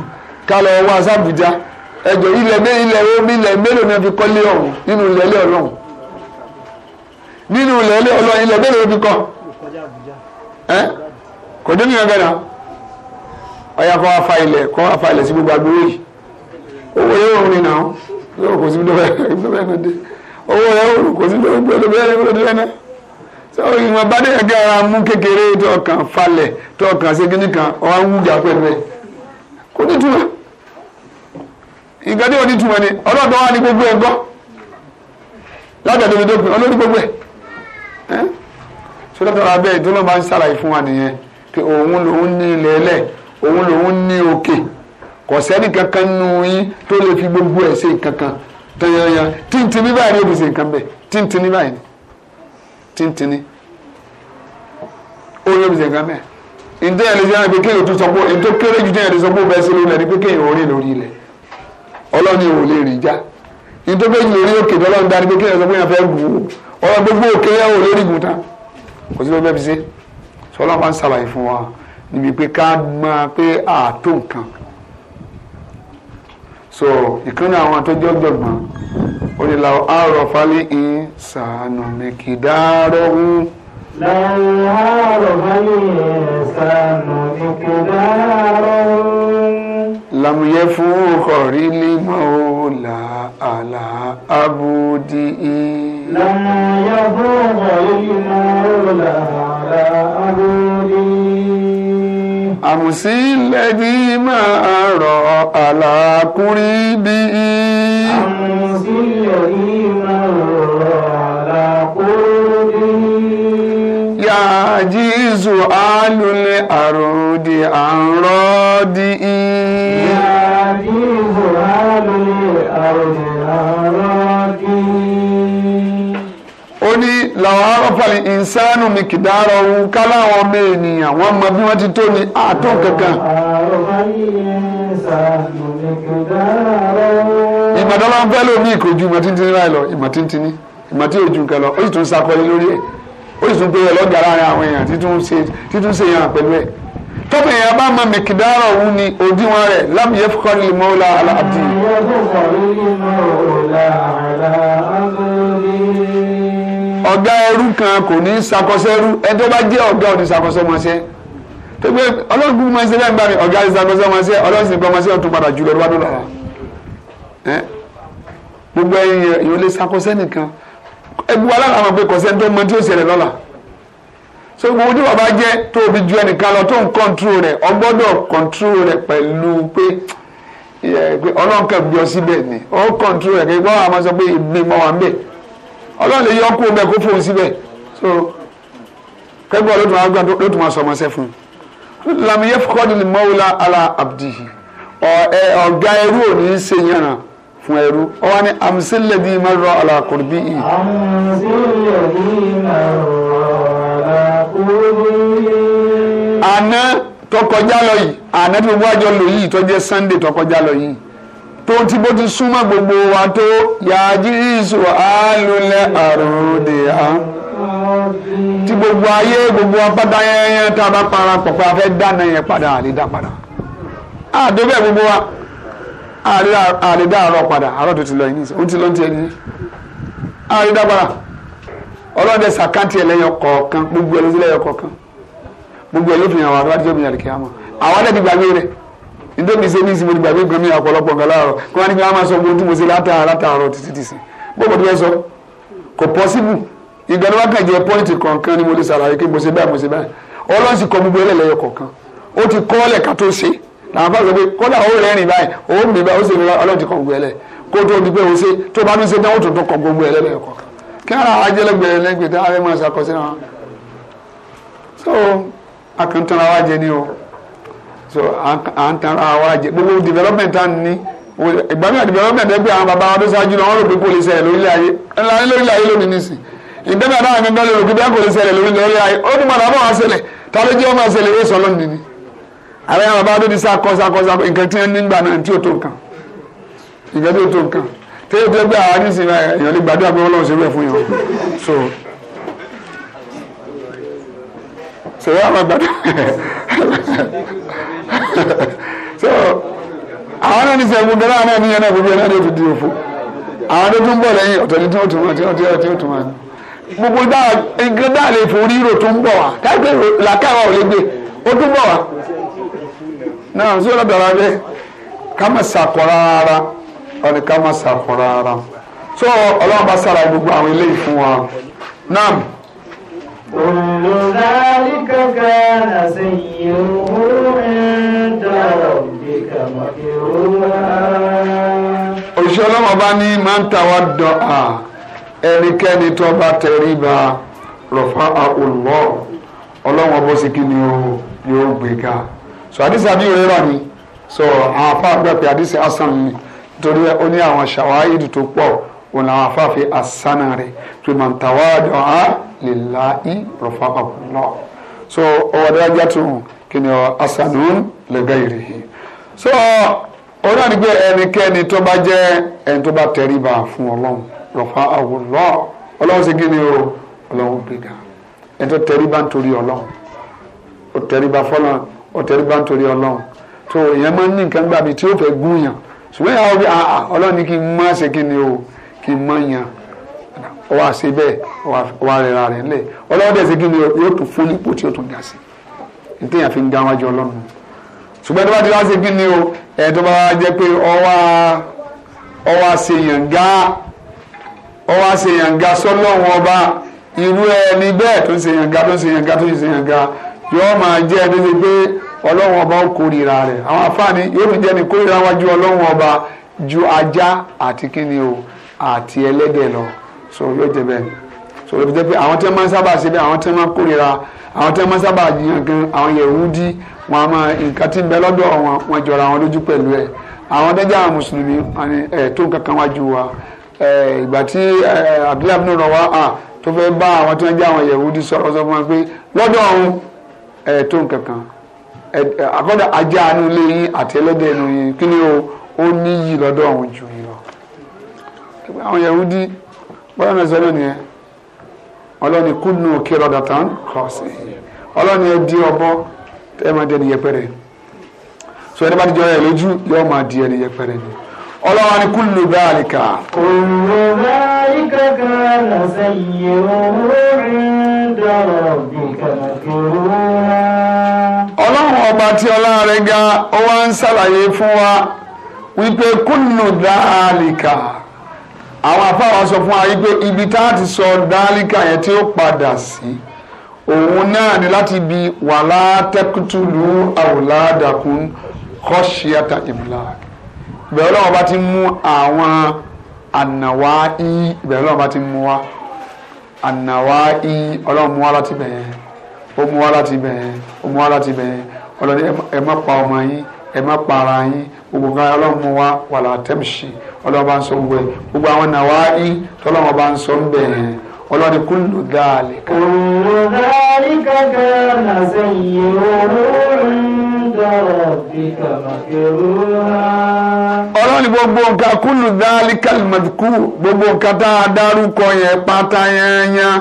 Speaker 2: ká lọ wá sàbújá ẹjọ ilẹ̀ mé ilẹ̀ omi ilẹ̀ mélòó ni a fi kọ́lé ọ̀hún nínú ilẹ̀ ilé ọlọ́run nínú ilẹ̀ ilé ọlọ́run ilẹ̀ mélòó ni a fi kọ́ ẹ kò dé nìyẹn bẹ́ẹ̀ náà kọ́ wá fa ilẹ̀ kọ́ wá fa ilẹ̀ sí gbogbo àgbèrè yìí owó yóò rìn náà yóò kó síbi tó fẹ́ẹ́ dé. owó rẹ̀ ó kò sí lórí pé olóbi ẹni olóbi ẹni sọ bá dẹ̀yẹ̀ ara mú kékeré tọkàn falẹ̀ tọkàn kan ọ̀hán wú jà kò ní túmọ̀ nǹkan tí ò ní ni ọlọ́dọ̀ ní gbogbo ẹ̀ gbọ́ tó pin gbogbo ló máa ń ṣàlàyé fún wa nìyẹn pé òun lòun ní ilẹ̀ gbogbo ẹ̀ ṣe tanyanyan tíntìní báyìí ni ó fi ṣe nǹkan bẹ́ẹ̀ tíntìní báyìí ni tíntìní ó yẹ fi ṣe nǹkan bẹ́ẹ̀ ǹdẹ́ ẹ̀ lè ṣe àgbẹ̀ kéèyàn tó sọ pé ètò kéré ju tẹ́yàn lè sọ pé ó bẹ́ẹ̀ sí lórí ẹni pé kéèyàn orí lórí ilẹ̀ ọlọ́ni ò lè rìn já ètò méjì lórí òkè tó ọlọ́run dání pé kéèyàn sọ yẹn fẹ́ gùn ó ọlọ́run gbogbo òkè yẹn ò lórí gùn tán kò sí ló bẹ́ẹ̀ fi sọlá máa ń ṣàlàyé fún wa níbi pé ká máa pé ààtó nǹkan so ìkànnì àwọn tó jẹ́ ọ̀jọ̀gbọ́n ó ní làwọn àárọ̀ falẹ̀ ń sàánù ní kìdáàrọ̀ ń. làwọn àárọ̀ falẹ̀ ń sàánù ní kìdáàrọ̀
Speaker 1: ń. làmúyẹ fún ọkọ̀rí
Speaker 2: límọ̀ ó là àlà abúdí.
Speaker 1: làmúyẹ fún ọkọ̀rí límọ̀ ó là àlà abúdí àmùsí lẹ́bí máa rọ̀ àlàkùnrin bí i. àmùsí lẹ́bí máa rọ̀ àlàkùnrin bí i. yà á
Speaker 2: jí zu alùlẹ̀ àròdì àròdì i.
Speaker 1: yà á jí zu alùlẹ̀ àròdì àròdì ó ní làwọn arọ́fàlì ìsánù mi kìdárọ̀ ohun
Speaker 2: káláwọn ọmọ ènìyàn wọ́n mọ bí wọ́n ti tó ní àtọ́ kankan.
Speaker 1: ìmọ̀tọ́ ló ń fẹ́
Speaker 2: lómi ìkojú ìmọ̀ tíntìní láì lọ ìmọ̀ tíntìní ìmọ̀ tí ojú nǹkan lọ ó sì tún sakọlé lórí ẹ̀ ó sì tún pé ọlọ́gbà láàrin àwọn èèyàn títún ṣe yàn pẹ̀lú ẹ̀ tọ́pẹ̀ yẹn bá mọ mẹ̀kìdárọ̀ òun ni òdiwọ̀n rẹ̀ lámìyẹ fúkọ́rì ọ̀gá ẹrú kan kò ní sakọsẹ́rú ẹni tó bá jẹ́ ọ̀gá ò ní sakọsẹ́mọṣẹ́ tó gbé ọlọ́run máa ń ṣe lẹ́yìn báyìí ọ̀gá ìsakọsẹ́mọṣẹ́ ọlọ́run sì ń gbọmọṣẹ́ ọ̀tún padà jù lọ lọ́wọ́ lọ́la gbogbo ẹyin yẹn yóò lè sakọsẹ́ nìkan ẹbí wa lára àwọn pé kọ̀sẹ́ tó mọ tí ó ṣẹlẹ̀ lọ́la so gbogbo tí bàbá jẹ́ tó o fi ju ẹnìkan lọ tó ń kọ́ńtró rẹ̀ ọgbọ́dọ̀ kọ́ńtró rẹ̀ pẹ̀lú pé ọlọ́run kan gbé síbẹ̀ ni ó kọ́ńtró rẹ̀ kí wọ́n á sọ pé ìgbìmọ̀ wà ń bẹ̀ ọlọ́run lè yọ kó bẹ́ẹ̀ kó fóun síbẹ̀ so kẹ́gbọ́n ló tún máa gbọ́n ló tún máa sọmọ ṣẹ́ fún un làmì yẹ fọkọ́dún ni mọ́wúlá ala abdihi ọ̀gá ẹrú ò ní í ṣe yànnà fún ẹrú ọwọ́ ni àmùsílẹ̀ bíi máa rọ ala kurbi yìí.
Speaker 1: àmùsílẹ̀ bíi máa rọ ala kurbi
Speaker 2: yìí. àná tó kọjá lọ yìí àná tí gbogbo àjọ lò yìí tó jẹ́ Sunday tó kọjá lọ yìí tó ti bó ti súnmọ́ gbogbo wa tó yàjí ìṣù àlùlẹ̀ àròdè á tí gbogbo ayé gbogbo apáta yẹn tá a bá para pọ̀ pé a fẹ́ dáná yẹn padà àlédà padà àdébẹ̀ gbogbo wa àlédà àárọ̀ padà àárọ̀ tó ti lọ yìí nísìnyí ó ti lọ ní tiẹ̀ nìyí àlédà padà ọlọ́dẹ sàkántì ẹlẹ́yọ kọ̀ọ̀kan gbogbo ẹlẹ́yọ kọ̀ọ̀kan gbogbo ẹlẹ́yọ fi hàn wá lọ́dẹ tó fi hàn kí á mọ̀ àwọn ẹlẹ́dìgbàgbé rẹ̀ nítorí ṣe ní ìsinmi ìgbàgbé nǹkan ní ọ̀pọ̀lọpọ̀ nǹkan láàárọ̀ kí wọ́n á ní kí wọ́n á máa sọ ohun tí mo ṣe látàárọ̀ látàárọ̀ títí tìsín bóòbò tó fẹ́ sọ kò pọ́síbù ìgbàlú wa kàn jẹ́ pọ́ìntì kọ̀ọ̀kan ni mo lè ṣàlàyé kí mo ṣe báyìí mo ṣe báyìí ọlọ́run sì kọ gbogbo ẹlẹ́lẹ́yọ kọ̀ọ̀kan ó ti kọ́ ọ̀lẹ̀ ká tó ṣe làwọn bá sọ pé kódà ó rẹ́rìn báyìí ó mi báyìí ó sì rẹ ọlọ́run ti so akantara wa jẹ o so à ń wa jẹ gbogbo development tá a ní ìgbà mìíràn development ẹgbẹ́ àwọn bàbá wa tó ṣáájú náà wọ́n rò pé kò lè ṣẹlẹ̀ lórílẹ̀ ayé ńlá ní lórílẹ̀ ayé lónìí nìsín ìgbẹ́mí àdáwọn mi bẹ́ẹ̀ lè rò pé bẹ́ẹ̀ kò lè ṣẹlẹ̀ lórílẹ̀ ayé ó ní mọ̀nà àbọ̀wá ṣẹlẹ̀ tá ló jẹ́ ọmọ ṣẹlẹ̀ yóò sọ lónìí ni àwọn àwọn bàbá tó ti sáà kọ́ sáà kọ́ sáà nǹkan tí wọ́n ní gbà náà tí ò tó nǹkan nǹkan tí ò tó nǹkan tẹ́lẹ̀ tó gbé àwọn nísìnyí èèyàn lè gbàdúrà pé Ọlọ́run ṣe bẹ́ẹ̀ fún [laughs] [laughs] so àwọn náà ní sẹ́gun gan náà ní ẹ̀nà gbogbo ẹ̀nà tó di òfo àwọn tó tún bọ̀ lẹ́yìn ọ̀tọ̀ ní tí wọ́n tún wọn tí wọ́n tí wọ́n tí wọ́n tún wọn. gbogbo dáa nǹkan dáa lè forí rò tó ń bọ̀ wá káàpẹ́ làkàwà ò lè gbé ó tún bọ̀ wá. náà sí ọ̀rọ̀ dàrá bẹ́ẹ̀ ká má sàkọ́ra ara ọ̀rẹ́ ká má sàkọ́ra ara. so ọlọ́run
Speaker 1: bá sára gbogbo
Speaker 2: àwọn eléyìí fún wa
Speaker 1: náà. كل ذلك كان سيئه عند ربك مكروها òṣìṣẹ́ ọlọ́mọ bá ní máa ń tàwa dọ̀à
Speaker 2: ẹnikẹ́ni tó bá tẹríba rọ̀fà àwòlọ́ ọlọ́wọ́n bó sì kí ni o yóò gbé ká so àdìsí àbí òrera ni so àwọn afá àgbẹ̀pẹ̀ àdìsí hasan ni nítorí ó ní àwọn ṣàwáyé tó pọ̀ òun làwọn afáàfin asánà rẹ̀ tó máa ń tàwa àjọ á lè la í rọ̀fà ọ̀pọ̀lọ́ so ọwọ́ adájá tó hùn kí ni ọ asánà so òun náà ni pé ẹnikẹ́ni tó bá jẹ́ ẹni tó bá tẹríba fún ọlọ́run rọ̀fà ọ̀pọ̀lọ́ ọlọ́run sì kí o ọlọ́run gbéga ẹni tó tẹríba nítorí ọlọ́run ó tẹríba fọlọ́run ó tẹríba nítorí ọlọ́run tó èèyàn máa ń ní nǹkan gbàbí tí ó fẹ́ gún yàn ṣùgbọ́n ìyàwó bí ọlọ́run ní kí n má ṣe kí o kí n mọ̀ yàn ọ wá ṣe bẹ́ẹ̀ ọ wá rẹra rẹ̀ lẹ̀ ọlọ́wọ́ ṣe kí ni yóò tún fún nípò tí ó tún ga sí ní téèyàn fi ń ga wájú ọlọ́run ṣùgbọ́n tó bá ti wá ṣe kí ni o ẹ̀ tó bá wá jẹ́ pé ọwá ọwá ṣe yànga ọwá ṣe yànga sọ́lọ́run ọba irú ẹni bẹ́ẹ̀ tó ń ṣe yànga tó ń ṣe yànga tó ń ṣe yànga yóò máa jẹ́ ẹni tó pé ọlọ́run ọba ó kórìíra rẹ̀ àwọn àfáàní yóò tún jẹ́ ni kórìíra wájú ọlọ́run ọba ju ajá àti kí ni o àti ẹlẹ́dẹ̀ lọ so yóò jẹ bẹ́ẹ̀ so lóbi jẹ́ pé àwọn tí wọ́n máa ń sábà ṣe bẹ́ẹ̀ àwọn tí wọ́n máa ń kórira àwọn tí wọ́n máa ń sábà yàn gan àwọn Yẹhudi wọn a máa nǹkan tí ń bẹ lọ́dọ̀ wọn wọn jọra wọn lójú pẹ̀lú ẹ̀ àwọn dẹ́jà àwọn mùsùlùmí ẹ̀ tó nǹkan kan wájú wa ìgbà tí Abdullahi bin rọwa hàn tó fẹ́ bá àwọn tí wọ́n jẹ́ àwọn Yẹhudi sọ̀rọ̀ sọ fún wọn pé lọ́dọ̀ ọ̀hún ẹ̀ tó nǹkan kan àkọ́dọ̀ ajá àánú ilé yín àti yín kí ni o ó níyì lọ́dọ̀ ọ̀hún jù àwọn Yahudi bọ́lá náà sọ lónìí yẹn ọlọ́ni kúnnù òkè rọ̀dà tán kọ̀ sí ọlọ́ni ẹ di ọbọ ẹ máa di ẹni yẹpẹrẹ so ẹni bá ti jọ ẹ lójú yóò máa di ẹni yẹpẹrẹ ni ọlọ́wọ́ ni kúlù báàlìkà. kúlù
Speaker 1: báàlìkà kan àṣẹ yìí orin dọ̀rọ̀ bí kàkúrú. ọlọ́run ọba tí ọlá rẹ̀ ga ó wá ń ṣàlàyé fún
Speaker 2: wa wípé kúlù báàlìkà àwọn afáwọn sọ fún wa yìí pé ibi tá a ti sọ dálíkà yẹn tí ó padà sí òun náà ni láti bi wàlá tẹkùtùlù àwòládàkùn kọ́ṣíàtà ìmúlá ìbẹ̀rù lọ́wọ́ bá ti mú àwọn ànàwá í ìbẹ̀rù lọ́wọ́ bá ti mú wa ànàwá í ọlọ́run mú wa láti bẹ̀yẹn ó mú wa láti bẹ̀yẹn ó mú wa láti bẹ̀yẹn ọlọ́run ẹ má pa ọmọ yín ẹ má para yín gbogbo ọlọ́run mú wa wàlá tẹ́mṣì ọlọ́run bá ń sọ gbogbo ẹ̀ gbogbo àwọn nàwa ní tọ́lọ́run bá ń sọ ń bẹ̀ yẹn ọlọ́run kúlù dáàlì. kúlù dáàlì kankan
Speaker 1: náà sẹ́yìn òórùn dọ̀rọ̀ bí kàmàkẹ́rù náà. ọlọ́run ní gbogbo nǹkan kúlù dáàlì kàlùmọ̀tìkù gbogbo nǹkan tá a
Speaker 2: dárúkọ yẹn pátá yẹn yẹn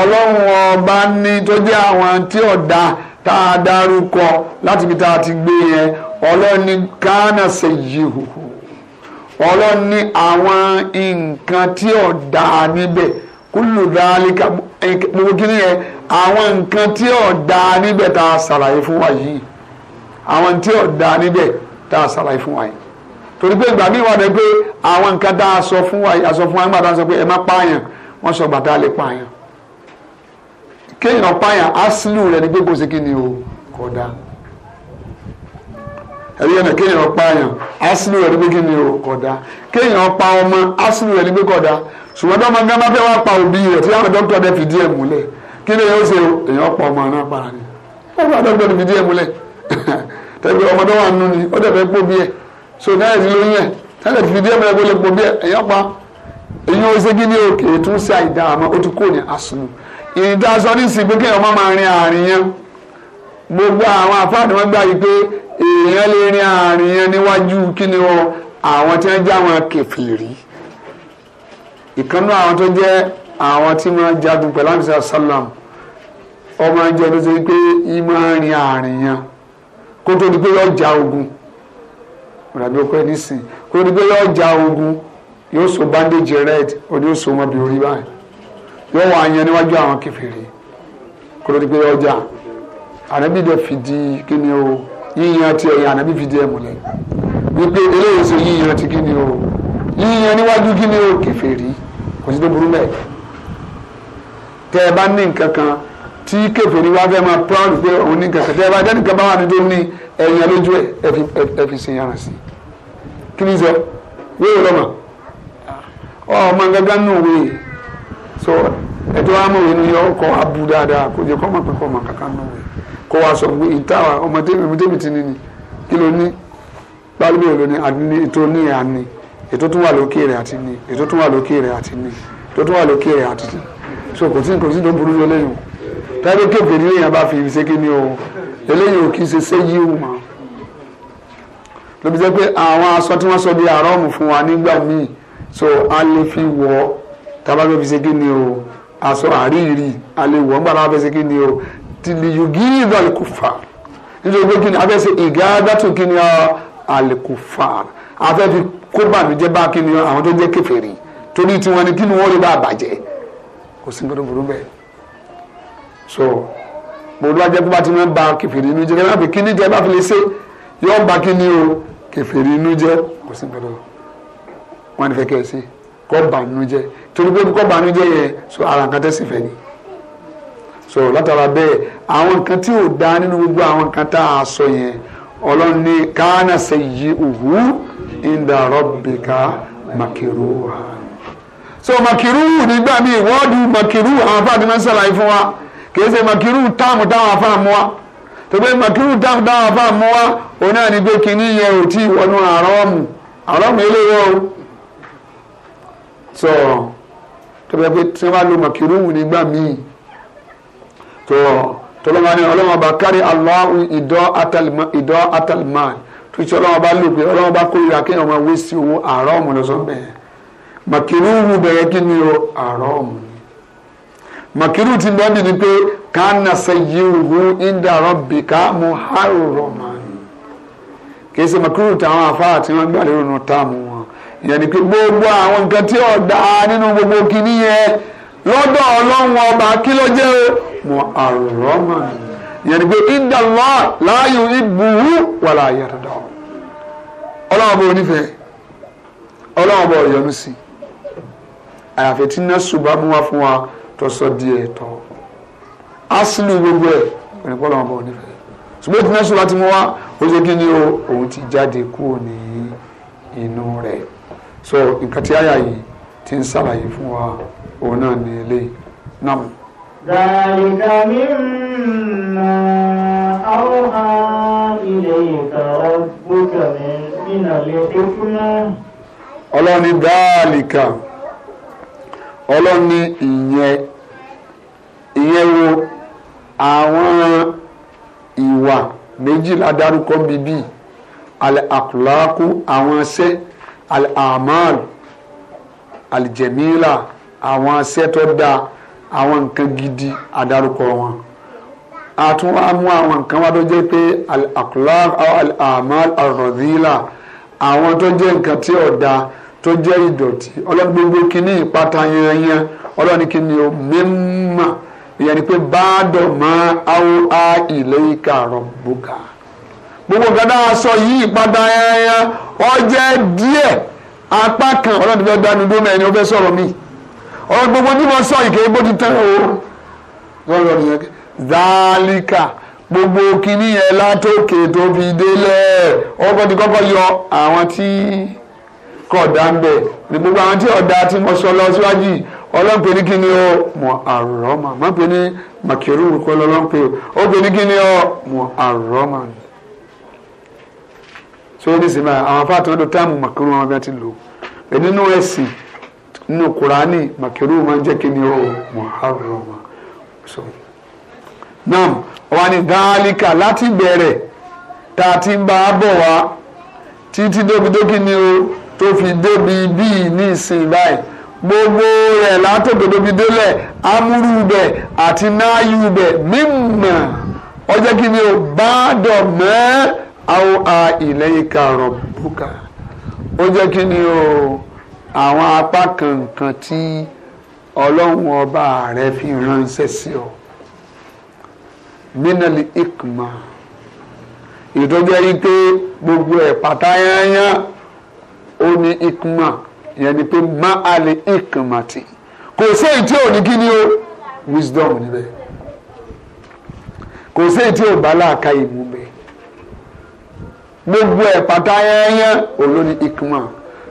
Speaker 2: ọlọ́run ọba ní tó jẹ́ àwọn tí ọ̀dà tá a dárúkọ láti fi tá a ti gbé yẹn ọlọ́run kánà sẹ́yìn òórùn ọlọ́run ní àwọn nǹkan tí ò dáa níbẹ̀ kúlù dáálíkà gbogbo kí ni yẹn àwọn nǹkan tí ò dáa níbẹ̀ tá a ṣàlàyé fún wa yìí àwọn tí ò dáa níbẹ̀ tá a ṣàlàyé fún wa yìí torí pé ìgbà míì wà lẹ pé àwọn nǹkan tá a sọ fún wa a sọ fún wa nígbà tá sọ pé ẹ má pààyàn wọ́n sọ gbàtà lè pààyàn kéèyàn pààyàn á sílù rẹ ní pé sí kí ni o kò dáa ẹ̀rí ẹ̀nà kéèyàn pa àyàn asinu rẹ̀ níbi kí ni o kódà kéèyàn pa ọmọ asinu rẹ̀ níbi kódà ṣùgbọ́n tó ọmọ gánà fẹ́ wá pa òbí rẹ̀ tí àwọn dókítà dẹ̀ fìdí ẹ̀ múlẹ̀ kí ni yóò ṣe èèyàn pa ọmọ náà para ni ọmọ dókítà dẹ̀ fìdí ẹ̀ múlẹ̀ [laughs] tẹ̀gbẹ́ ọmọ tó wà nù ni ó dẹ̀ fẹ́ pò bí ẹ̀ so náà ti lóyún ẹ̀ tẹ̀lẹ̀ fìdí ẹ̀ múlẹ̀ kó lè pò bí ẹ̀ èèyàn pa èèyàn lè rin àárín yẹn níwájú kí ni o àwọn tí wọ́n jẹ́ àwọn kèfèrí ìkànnú àwọn tó jẹ́ àwọn tí wọ́n jagun pẹ̀lú àmì sàlám ọmọ ẹjọ́ tó ṣe pé ìmọ̀ rin àárín yẹn kó tó di pé yọ ja ogun ìrìnàjò ọkọ ẹ nísìn kó tó di pé yọ ja ogun yóò so bandage red òní yóò so ọmọbi orí báyìí yóò wà yẹn níwájú àwọn kèfèrí kó tó di pé yọ ja àrẹ́bí dẹ̀ fìdí kí ni o yíyan ti ẹ̀yìn ànábì fìdí ẹ̀ múlẹ̀ wípé eléyìí ṣe yíyan ti kíni o yíyan níwájú kíni o kèfèrí kò sí tó burú mẹ́ tẹ́ ẹ bá ní nǹkan kan tí kèfèrí wá fẹ́ máa proud pé òun ní nǹkan kan tẹ́ ẹ bá jẹ́ nǹkan bá wà ní tó ní ẹ̀yìn lójú ẹ̀ ẹ fi ṣe yàrá sí kí ni sọ yóò lọ́mọ ọmọ gángan nù wí so ẹ̀tọ́ àmọ̀ yìí ni ọkọ̀ abu dáadáa kò jẹ́ kọ́ ọmọ pẹ̀kọ́ ọmọ kankan nù wí kó wa sọ pé ìtawà ọmọ tèmi ọmọ tèmi ti ní ni kí ló ní bábílì ò ló ní àní ètò ní àní ètò tún wà lókè rẹ̀ àti ní ètò tún wà lókè rẹ̀ àti ní ètò tún wà lókè rẹ̀ àti ní so kò sí kò sí tó burú lọ́lẹ́yìn tábí kéèké ní èèyàn bá fi ṣe kí ni o eléyìí ò kì í ṣe séyí o mọ́ lóbi jẹ́ pé àwọn aṣọ tí wọ́n sọ bí àrọ́ọ̀mù fún wa nígbà míì so a lè fi wọ̀ tábà fẹ́ fi ṣe kí ni o aṣọ àríyìí a lè wọ̀ nígbà tábà fẹ́ o tìlìyùgì alikufa, àlùkùfà nítorí pé kíni afẹ́ ṣe ìgáàdàtù kíni àlùkùfà afẹ́ fi kó bàmíjẹ́ bá kíni àwọn tó jẹ́ kèfèrí torí tiwọn ni kíni wọ́n lè bá bàjẹ́ kò sí nǹkan bẹ́ẹ̀ so bòlú ajẹ́ kó bá ti mọ́ ba kèfèrí inú jẹ́ kẹ́lá fi kíni jẹ́ bá fi lè ṣe yọ ba kíni o kèfèrí inú jẹ́ kò sí nǹkan tó fẹ́ kẹ́ ẹ sí kọ́ bà torí pé kọ́ bà yẹ so ara nǹkan tẹ́sí fẹ́ ni so látara bẹ́ẹ̀ àwọn nǹkan tí ò dáa nínú gbogbo àwọn nǹkan tá a sọ yẹn ọlọ́run ní káánà ṣe yí òwú ìdá rọ́bìkà màkìrúwà so màkìrú nígbà míì wọ́ọ̀dù màkìrú àwọn afáàdì máa ń ṣàlàyé fún wa kì í ṣe màkìrú táàmù táwọn afáà mú wa tọ́gbé màkìrú táàmù táwọn afáà mú wa òun náà ní yẹn ò tí ì wọnú àrọ́ọ̀mù àrọ́ọ̀mù eléyìí o so tọ́gbé pé tí wọ́n bá lo màkìrú nígbà míì tó tọ́lọ́mọ ni ọlọ́mọ bá kárí Allahu ìdọ́ atalima ìdọ́ atalima tó ti ọlọ́mọ bá lò pé ọlọ́mọ bá kórìíra kéèyàn máa wé sí owó àárọ̀ ọ̀mù lọ́sọ̀ bẹ́ẹ̀ màkìrú wù bẹ̀rẹ̀ kí ni o àárọ̀ ọ̀mù ni màkìrú ti bẹ́ẹ̀ bì ni pé kánà sayyiruhu inda rabbika muharraman kì í ṣe màkìrú táwọn afárá tí wọ́n gbà lérò nù táàmù wọn ìyẹn pé gbogbo àwọn nǹkan tí ọ̀dà nínú gbogbo kìnìyẹn lọ́dọ̀ ọlọ́run ọba kí ló jẹ́ o muharraman yẹn ni pé inda Allah la yuhibbuhu wala yarda ọlọ́wọ́n bó onífẹ̀ẹ́ sí àyàfẹ́ tí iná ṣùgbọ́n mú wá fún wa tó sọ díẹ̀ tọ́ asinu gbogbo ẹ̀ òní pọ́ ọlọ́wọ́n bó onífẹ̀ẹ́ ṣùgbọ́n tí iná ṣùgbọ́n ti mú wá ó ṣe kí ni o òun ti jáde kúrò ní inú rẹ̀ so nǹkan tí àyà yìí ti ń ṣàlàyé fún wa òun náà ní eléyìí náà.
Speaker 1: ذلك مما أوحى إليك ربك من الحكمة ọlọ́ni dáàlìkà
Speaker 2: ọlọ́ni ìyẹn ìyẹn wo àwọn ìwà méjìlá dárúkọ bíbí Awọn Ase, àwọn iṣẹ́ al-amal al dáa àwọn nǹkan gidi adarúkọ wọn àtún wá mú àwọn nǹkan wá tó jẹ́ pé al-akhlaq aw al-amal ar-radhila àwọn tó jẹ́ nǹkan tí ọ̀dà tó jẹ́ ìdọ̀tí ọlọ́run gbogbo kínní ìpátá yanyan ọlọ́run kínní o mímà ìyẹn ni pé báàdọ̀ máa áwọ á ilé ìka rọ̀bùkà gbogbo nǹkan tá a yìí ìpátá yanyan ó jẹ́ díẹ̀ apá kan ọlọ́run fẹ́ dánudó mẹ́rin ó fẹ́ sọ̀rọ̀ míì ọ̀rọ̀ gbogbo tí mo sọ ìkè bó tán o lọ́rọ̀ nìyẹn zálíkà gbogbo kínní yẹn látòkè tó fi délẹ̀ ọkọ̀ ti kọ́kọ́ yọ àwọn tí kọ̀ dá ń bẹ̀ ní gbogbo àwọn tí ọ̀dà tí mo sọ lọ síwájú ọlọ́pẹ̀ ní kíni o mọ̀ àrọ́mà má pè ní màkìrú kọ́ lọ́lọ́pẹ̀ ó pè ní kíni o mọ̀ àrọ́mà so ní sinmi àwọn afáàtì wọn tó táàmù màkìrú wọn bí ti lò nínú ẹ̀sìn nínú kùránì màkìrú máa ń jẹ́ kí ni o muharrama so naam wọ́n ní dáálíkà láti bẹ̀rẹ̀ tá a ti ń bá a bọ̀ wá títí dókídókí ni o tó fi débi bíi ní ìsìn báyìí gbogbo rẹ̀ látòkèdóbi délẹ̀ amúrú bẹ̀ àti náàyù bẹ̀ mímọ̀ ọjọ́ kí ni o bá dọ̀ mẹ́ àwọn àìlẹ́yìn karọ̀ bùkà ó jẹ́ kí ni o àwọn apá kankan tí ọlọ́run ọba rẹ fi ránṣẹ́ sí ọ minali ikma ìtọ́jú ẹni pé gbogbo ẹ̀ pátá yányá ó ní ikma ìyẹn ni pé má a lè ikma tì kò sí èyí tí ò ní kí ni o wisdom níbẹ̀ kò sí èyí tí ò bá láàka ìmú gbogbo ẹ̀ pátá ó ló ní ikma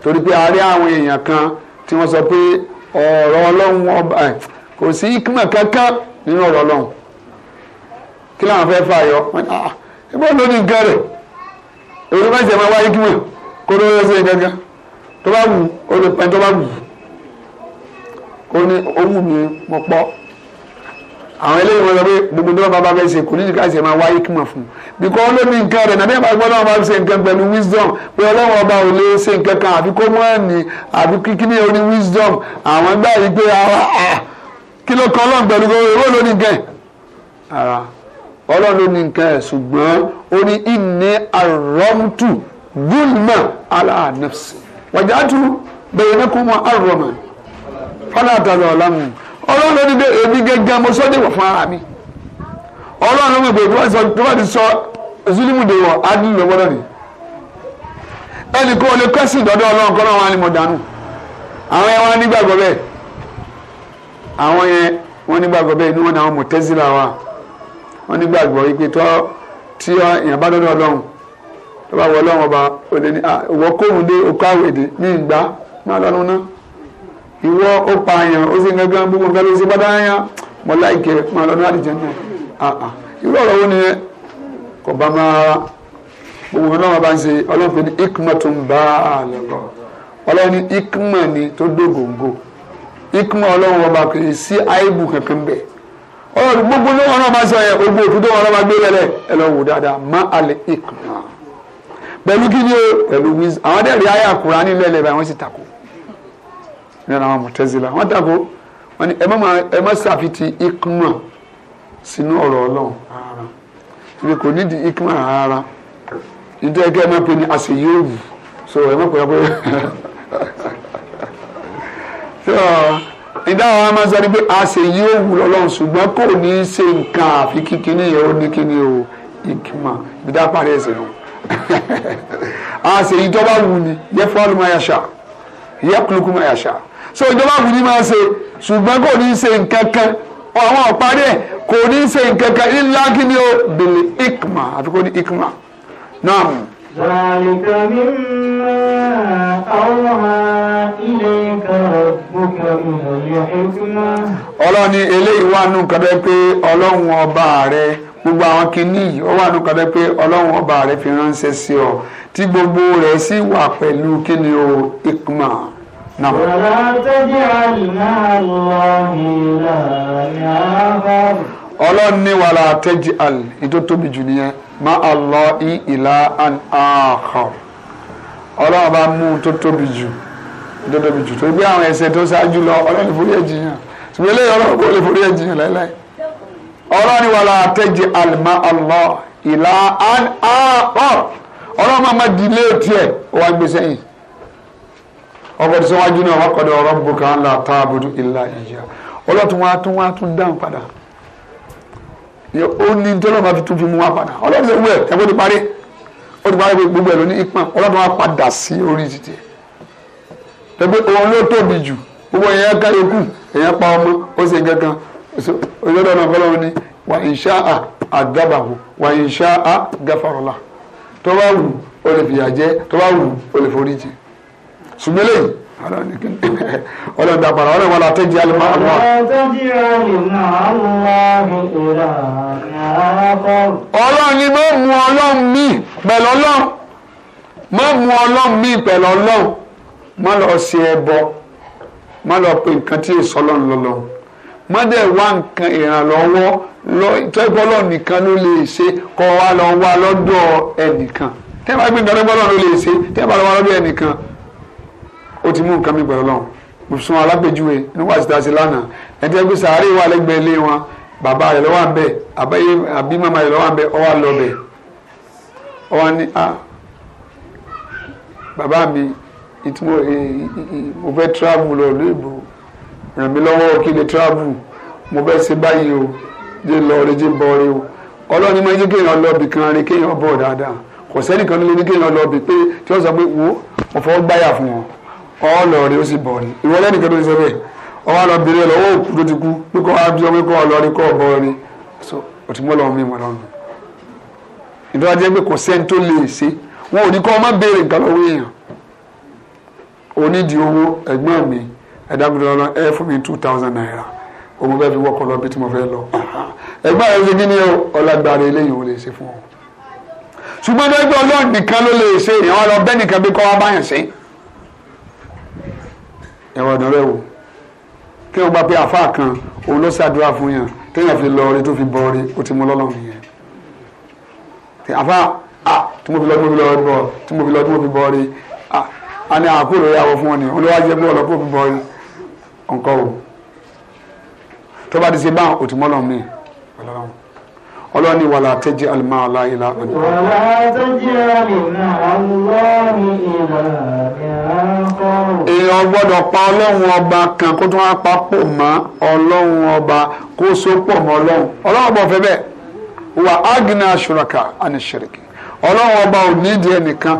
Speaker 2: torí pé a rí àwọn èèyàn kan tí wọ́n sọ pé ọ̀rọ̀ ọlọ́run ọba kò sí ìkìmọ̀ kankan nínú ọ̀rọ̀ ọlọ́run kí làwọn fẹ́ fà yọ ìbọn ah, ló ní nǹkan rẹ̀ èrò bá ṣe máa wá ìkìmọ̀ kó ló lọ́ọ́ sí gangan tó bá wù ó lè pẹ́ tó bá wù ó ní ó wù mí mo pọ́. àwọn eléyìí wọn sọ pé gbogbo tí wọn bá bá fẹ́ ṣe kò ní ìdíkà ṣe máa wá ikima fún un bíkọ́ ó nǹkan rẹ̀ nàbí àgbà bá ṣe nǹkan pẹ̀lú wisdom pé ọlọ́run ọba ò lè ṣe nǹkan kan àfi kó mọ́ àfi kíkíní wisdom àwọn gbà yìí pé ah, ah, kí ló kọ́ ọlọ́run pẹ̀lú owó ló ní nǹkan ara ọlọ́run ló ní nǹkan ṣùgbọ́n ó ọlọ́run ló ní bẹ èmi gẹ́gẹ́ mo sọ déwọ̀ fún ara mi ọlọ́run ló ń gbé tó bá ti sọ zulimu déwọ̀ adúlù ló gbọ́dọ̀ ni ẹnì kan ò lè kẹ́sì dọ́dọ̀ ọlọ́run kọ́ náà wà ní mo dànù àwọn yẹn wọn nígbàgbọ́ bẹ́ẹ̀ àwọn yẹn wọn nígbàgbọ́ bẹ́ẹ̀ inú wọn ni àwọn mọ̀tẹ́sílà wà wọn nígbàgbọ́ wípé tó tí èèyàn bá dọ́dọ̀ ọlọ́run tó bá wọ ọlọ́run ọba òde ni ìwọ kóhùn dé okó àwèdè mí ì gbá má lọ́nu náà ìwọ ó pa àyàn ó sì ń gángan gbogbo nǹkan ló ṣe bá dáyàn mọ láìkẹ máa lọ ní àdìjẹ náà ah, ah. irú ọ̀rọ̀ wo ni ẹ kò bá máa gbogbo náà bá ń ṣe ọlọ́run pé ní ikma tó ń bá a lọ́kọ̀ ọlọ́run ní ikma ni tó dógóńgó ikma ọlọ́run ọba kì í sí àìbù kankan bẹ́ẹ̀ ọlọ́run gbogbo náà wọn náà bá ń sọ yẹ gbogbo òtún tó wọn bá gbé lẹ́lẹ̀ ẹ lọ wò dáadáa má alẹ́ ikma pẹ̀lú kí ni o pẹ̀lú wiz àwọn dẹ́rì ayé àkùrá nílẹ̀ lẹ́bàá nínú àwọn mọ̀tẹ́sílà wọ́n dàgbò wọ́n ní ẹ má ṣàfitì ikma sínú ọ̀rọ̀ ọlọ́run rárá ibi kò nídìí ikma rárá nítorí ẹgbẹ́ ẹ má pe ní àṣeyọ́ọ̀bù so ẹ má pe ẹ [laughs] pé so ìdáhùn àwọn amásáré pé àṣeyọ́ọ̀bù lọ́lọ́run ṣùgbọ́n kò ní í ṣe nǹkan àfi kíkiní yẹn ó ní kíní o ikma ìdá parí ẹsẹ̀ nù [laughs] àṣeyí tó bá wù ní yẹ fọ́ọ̀lù máa yẹ kúlùkù máa so ìjọba kù ní máa ṣe ṣùgbọ́n kò ní ṣe nǹkan kan àwọn ọ̀parí ẹ̀ kò ní ṣe nǹkan kan ńlá kí ni ó
Speaker 1: ikma àfi ní ikma náà. ذلك مما أوحى إليك ربك من الحكمة.
Speaker 2: ọlọ́run ní eléyìí wà nù kàbẹ́ pé ọba rẹ gbogbo àwọn kinní yìí ó wà pé ọlọ́run ọba fi ránṣẹ́ sí gbogbo rẹ̀ sì wà pẹ̀lú ikma.
Speaker 1: نعم تجعل مع الله إلها آخر ọlọ́run ní wàhálà
Speaker 2: àtẹ́jì al ìjọ tóbi jù nìyẹn má àlọ́ í ìlà an àhàn ọlọ́run bá mú un tó tóbi jù tó tóbi jù torí pé àwọn ẹsẹ̀ tó ṣáájú lọ ọlọ́run forí ẹ̀jì yàn ṣùgbọ́n eléyìí ọlọ́run kò lè forí ẹ̀jì yàn láéláé ọlọ́run ní wàhálà àtẹ́jì al má àlọ́ ìlà an àhàn ọlọ́run máa ma di ilé tiẹ̀ wá gbé sẹ́yìn ọgbọ́dọ̀ sọ wájú náà wọ́n kọ́dọ̀ rabbuka alla ta'budu illa iyyah ọlọ́tún wa tún wa tún dáhùn padà ó ní tọ́lọ́ bá tuntun fi mú wa padà ọlọ́tún sọ wẹ̀ ẹ̀kọ́ ti parí ó ti parí gbogbo ẹ̀ ló ní ipa ọlọ́tún wa padà sí orí títì tẹ́gbẹ́ òun ló tóbi jù gbogbo èèyàn ká yòókù èèyàn pa ọmọ ó sì gángan òṣèlú ọ̀nà fọlọ́run ni wà ìṣá à àdábàwò wà ìṣá à gáfàrọ̀là tó wù ó lè fìyà jẹ tó wù ó lè foríjì ṣùgbọ́n lẹ́yìn ọlọ́run dà padà ọlọ́run wọn la tẹ́jú alẹ́ máa wà.
Speaker 1: ọlọ́run ni mo mú ọlọ́run mi pẹ̀lú ọlọ́run mo mú ọlọ́run
Speaker 2: mi pẹ̀lú ọlọ́run mo lọ ṣe ẹbọ mo lọ pe nǹkan tí èso ọlọ́run lọ́lọ́ mo dẹ̀ wá nǹkan ìrànlọ́wọ́ tẹ́gbọ́ ọlọ́run nìkan ló lè ṣe kọ́ wa lọ wá lọ́dọ̀ ẹnìkan tẹ́gbà gbẹ̀ngàn ọlọ́run ló lè ṣe tẹ́gbà lọ́wọ́ lọ́dọ̀ ẹnìkan ó ti mú nǹkan mi pẹ̀lú ọlọ́run mo fi sun alápèjúwe inú wàásù tá a ṣe lánàá ẹni tí wọ́n gbé sàárè wà lẹ́gbẹ̀ẹ́ ilé wọn bàbá rẹ̀ lọ́wọ́ àbẹ̀ àbẹ́yẹ àbí màmá rẹ̀ lọ́wọ́ àbẹ̀ ó wá lọ bẹ̀ a ah, bàbá mi ìtumọ̀ mo fẹ́ travel lọ lóòbù ràn mí lọ́wọ́ kí lè travel mo fẹ́ ṣe báyìí o jẹ́ lọ rẹ jẹ́ bọ́ rẹ o ọlọ́run ni mo jẹ́ kéèyàn lọ bì kan rẹ kéèyàn bọ̀ dáadáa kò sẹ́nìkan ló ní kéèyàn lọ bì pé tí wọ́n sọ pé wo mo fọwọ́ gbáyà fún wọn ọlọrin ó sì bọ̀ ni ìwọ lẹ́nìkan tó ti sọ bẹ́ẹ̀ ọwọ́ lọ bèrè lọ́wọ́ òkú tó ti kú pé kọ́ abí ọmọ ikọ̀ ọlọrin kọ́ ọ̀bọ ni so òtún mọ́ lọ́wọ́ mi mọ́ lọ́wọ́ mi. ìdọ́wà jẹ́ pé kò sẹ́ni tó lè ṣe wọn ò ní kọ́ ọmọ béèrè nǹkan lọ́wọ́ èèyàn onídìí owó ẹ̀gbọ́n mi ẹ̀dàgbọ́dọ̀ lọ ẹ fún mi two thousand naira òun bẹ́ẹ̀ fi wọ́kọ̀ lọ bí tí mo fẹ́ lọ ẹ̀gbọ́n rẹ̀ ṣe kí ni ọlágbára eléyìí ò lè ṣe fún ọ ṣùgbọ́n dẹ́gbẹ́ ọlọ́run nìkan ló lè ṣe èèyàn nìkan bí kọ́ wá báyàn ṣe ẹ̀wọ̀n ọ̀dọ́ rẹ̀ wò kí wọ́n gbà pé àfa kan òun ló ṣàdúrà fún yàn téèyàn fi lọ orí tó fi bọ orí ó ti mú lọ́lọ́run nìyẹn àfa à tí mo fi lọ tí mo fi lọ bọ tí mo fi lọ tí mo fi bọ orí à á ní àkúrò rẹ̀ fún ọ ni òun ló wá jẹ́ fi bọ orí ọ̀nkọ́ o tó bá ti ṣe báwọn òtún mọ́lọ́ mi ọ̀lọ́run ọlọ́ni wàlá tẹ́jì àlùmọ́ àlá ìlà àná. wàlá
Speaker 1: tẹ́jì àlùmọ́ àlùmọ́ ìlà ẹ̀kọ́.
Speaker 2: èèyàn gbọ́dọ̀ pa ọlọ́run ọba kan kó tó wá pa pò mọ́ ọlọ́run ọba kó so pọ̀ mọ́ ọlọ́run ọlọ́run ọba ọ̀fẹ́ bẹ́ẹ̀ wà ágìnà aṣọ̀ràkà àníṣẹ̀rẹ̀kì ọlọ́run ọba ò nídìí ẹnìkan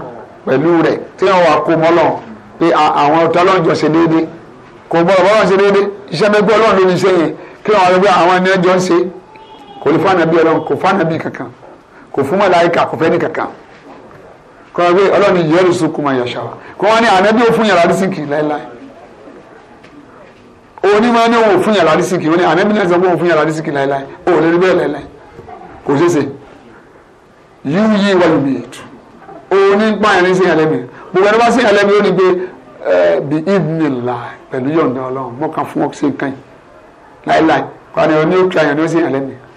Speaker 2: pẹ̀lú rẹ̀ tí wọ́n wà kó mọ́ ọlọ́run pé àwọn ọ̀tá kò lè fún ànábì ọlọ́run kò fún ànábì kankan kò fún màláíkà kò fẹ́ ní kankan kò wọ́n gbé ọlọ́run yìí yẹ́rù sókùn máa yàṣà wa kò wọ́n ní ànábì ò fún yàrá rísìkì láéláé òní máa ní òun ò fún yàrá rísìkì òní ànábì náà sọ pé òun fún yàrá rísìkì láéláé ò lè rí bẹ́ẹ̀ láéláé kò ṣeé ṣe yíwú yí wáyé mi ètò òní ń pààyàn ní sèyàn lẹ́mìí gbogbo ẹni wá sèyàn lẹ́mìí ó ní gbé bí ìdìnnìlá ní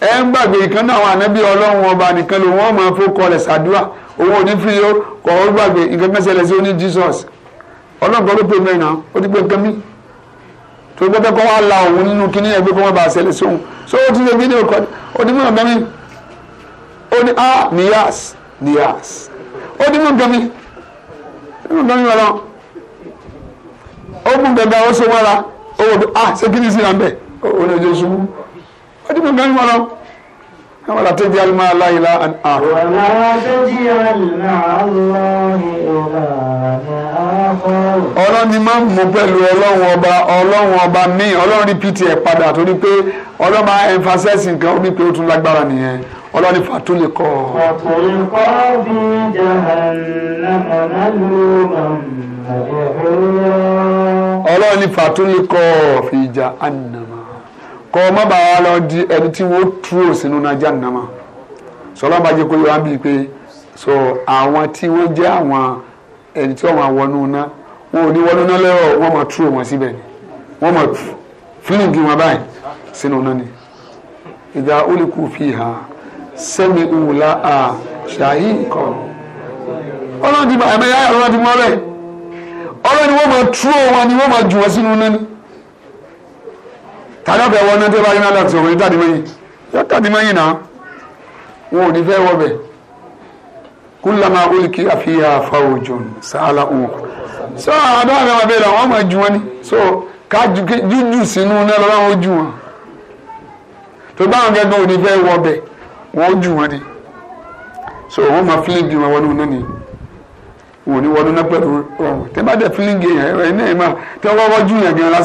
Speaker 2: ẹ ń gbàgbé ìkan náà àwọn ànábì ọlọ́run ọba nìkan ló wọ́n máa fó kọlẹ̀ sàdúrà owó onífi yó kọ́ ó gbàgbé nǹkan kan ṣẹlẹ̀ sí ó ní Jesus ọlọ́run kan ló pè mẹ́rin náà ó ti pè nǹkan mí tó gbọ́dọ̀ kọ́ wá la òun nínú kíní ẹgbẹ́ kọ́ wọ́n bá ṣẹlẹ̀ sóhun so ó ti ṣe fídíò kọ́ ó ti mú nǹkan mí ó ní a níyàs níyàs ó ti mú nǹkan mí ó mú nǹkan mí wọ́n ó mú nǹkan mí ó so wọ́n ra ó wọ́n bí a ṣe kíní sí ra ń bẹ̀ ó ní ojú
Speaker 1: ẹtí mo gánimọ̀ lọ. káwọn làtẹ́ di alimọ̀
Speaker 2: aláìlá àná. wọ́n á tẹ́jì àlùmọ́
Speaker 1: àlọ́hìn ìlànà àkọ́.
Speaker 2: ọlọ́run ni máa ń mú pẹ̀lú ọlọ́run ọba ọlọ́run ọba míì ọlọ́run rìpítì ẹ̀ padà torí pé ọlọ́run máa emphasize nǹkan ó ní pé ó tún lágbára nìyẹn ọlọ́ni fàtúlì kọ́.
Speaker 1: fàtúlì kọ́ bí jahannama nálùmọ̀
Speaker 2: ọlọ́ni fàtúlì kọ́ fi jahannama kọ́ ọ má bàa lọ di ẹni tí wọ́n túrò sínú nájà nàmá sọlọ́n bá jẹ́ kó pé so àwọn tí wọ́n jẹ́ àwọn ẹni tí wọ́n máa wọnú ná wọn ò ní wọnú ná lẹ́rọ̀ wọ́n máa túrò wọn síbẹ̀ ni wọ́n máa fílíǹgì wọn báyìí sínú ná ni ìdá olùkù fi hà sẹ́mi ìwòlá à ṣàyí kọ́ ọlọ́run ti mọ ẹ̀mẹ́yà ọlọ́run ti mọ bẹ́ẹ̀ ọlọ́run ni wọn ni jù wọn sínú ná ni tàbí ọ̀fẹ́ wọ náà tí ó bá rí náà láti òun ní tàbí mẹ́yìn yọ tàbí mẹ́yìn náà wọn ò ní fẹ́ wọ bẹ̀ kúlàmà olùkí àfihàn àfàwòjò sàálà òun so àdó àwọn ọmọ abẹ́rẹ́ àwọn ọmọ ju wọn ni so ká jújù sínú náà lọ́wọ́ wọn ju wọn tó bá wọn gẹ́gẹ́ ò ní fẹ́ wọ bẹ̀ wọn ju wọn ni so wọn máa fílíǹgì wọn wọnú náà ni wọn ò ní wọnú náà pẹ̀lú ọ̀hún tẹ́ bá dẹ̀ fílíǹgì yẹn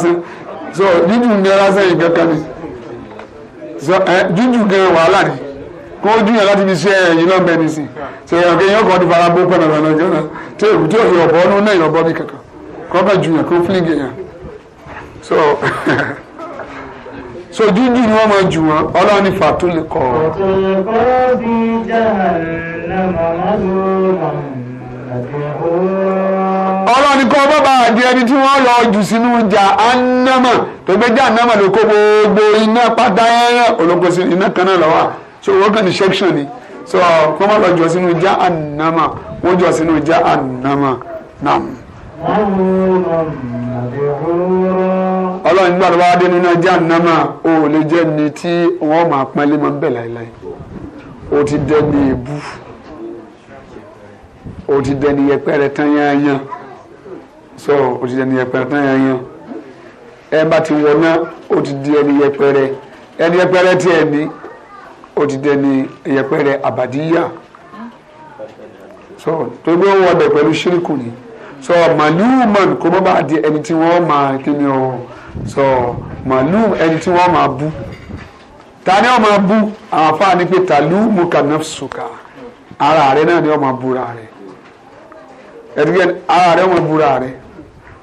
Speaker 2: ẹ̀ so jíjù nira sẹ́yìn kankan ni so ẹ jíjù gan wàhálà ni kó o júyàn láti fi ṣe ẹ̀yìn lọ́mọ ẹni sí so ẹ̀yàn kẹ́yìn ọkọ̀ ti fara bó pẹ̀lú ọ̀nà jọ́nà tí èkó tí òfin ọ̀bọ ọdún náà ìrọ̀bọ ní kankan kọ́ bẹ̀ júyàn kó fílíǹgì yàn so [laughs] so jíjù ni wọ́n máa jù wọ́n ọlọ́run ní fàtó lè kọ́ ọ.
Speaker 1: ọ̀tún kọ́ bí jahannama mọ́tò mọ́ kọ́ ọ bàbá
Speaker 2: àdé ẹni tí wọ́n lọ jù sínú jahannama tó gbé jahannama ló kó gbogbo iná pátá olóko sí iná kan náà lọ́wọ́ so wọ́n kàn ní section ni so kọ́ má lọ jọ sínú jahannama wọ́n jọ sínú jahannama náà. ọlọ́run nígbà tó bá dé nínú jahannama ò lè jẹ́ ni tí wọ́n máa pẹ́lẹ́ mọ́ bẹ́ẹ̀ láéláé o ti dẹ́ni èébú o ti dẹ́ni yẹpẹ́rẹ́ tán yányán so o ti dẹni yẹpẹrẹ tán yẹn yẹn ẹ bá ti wọ náà o ti di ẹni yẹpẹrẹ ẹni yẹpẹrẹ tí ẹ ní o ti dẹni yẹpẹrẹ àbàdíyà so tó bí wọn wọbẹ pẹ̀lú ṣíríkù ni so màlúùmọ̀n kó má bàa di ẹni tí wọ́n máa kí o so màlúù ẹni tí wọ́n máa bú ta ni wọ́n máa bú àwọn afáàní pé tàlúùmù kànáfsùkà ara rẹ náà ni wọ́n máa búra rẹ ẹ̀dùkẹ́ ara rẹ wọ́n búra rẹ.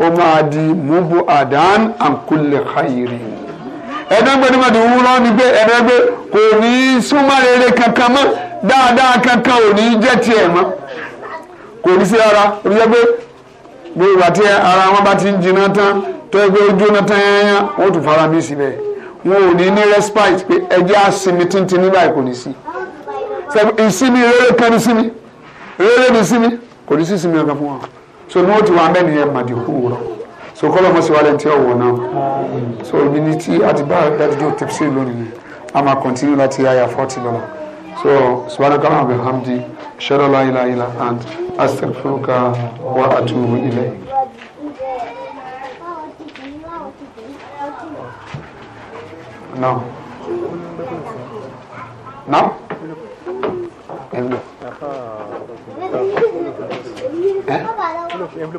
Speaker 2: ó máa di mubu adan ankulẹ khayiri ẹ̀ẹ́dẹ́gbẹ́ ní màdì wúlọ́ ni pé ẹ̀ẹ́dẹ́gbẹ́ kò ní súnmọ́ rere kankan mọ́ dáadáa kankan ò ní jẹ́ tiẹ̀ mọ́ kò ní sí ara ó yẹ pé gbogbo àti ara wọn bá ti ń jiná tán tó ẹgbẹ́ ojú ọ̀nà tán yányá wọ́n tún fara mí síbẹ̀ wọn ò ní ní respite pé ẹjẹ́ àsinmi tuntun ní báyìí kò ní sí ìsinmi rere kan ní sinmi rere ní sinmi kò ní sí ìsinmi ọ̀kan fún wọn so ní wọ́n ti wà mẹ́rin yẹn màdì húrọ̀ so kọ́lọ́ mọ́ sí wàlẹ̀ tí ó wọ̀ náà so ibi ni tí a ti bá dájú tó tẹ̀sí lónìí ni a máa kọ̀ntínú láti àyà fọ́tì lọ́la so subhanaka wa bihamdi shada la ilaha illa ant astaghfiruka wa atubu ilayk. No. No? Hello. 爸爸，我。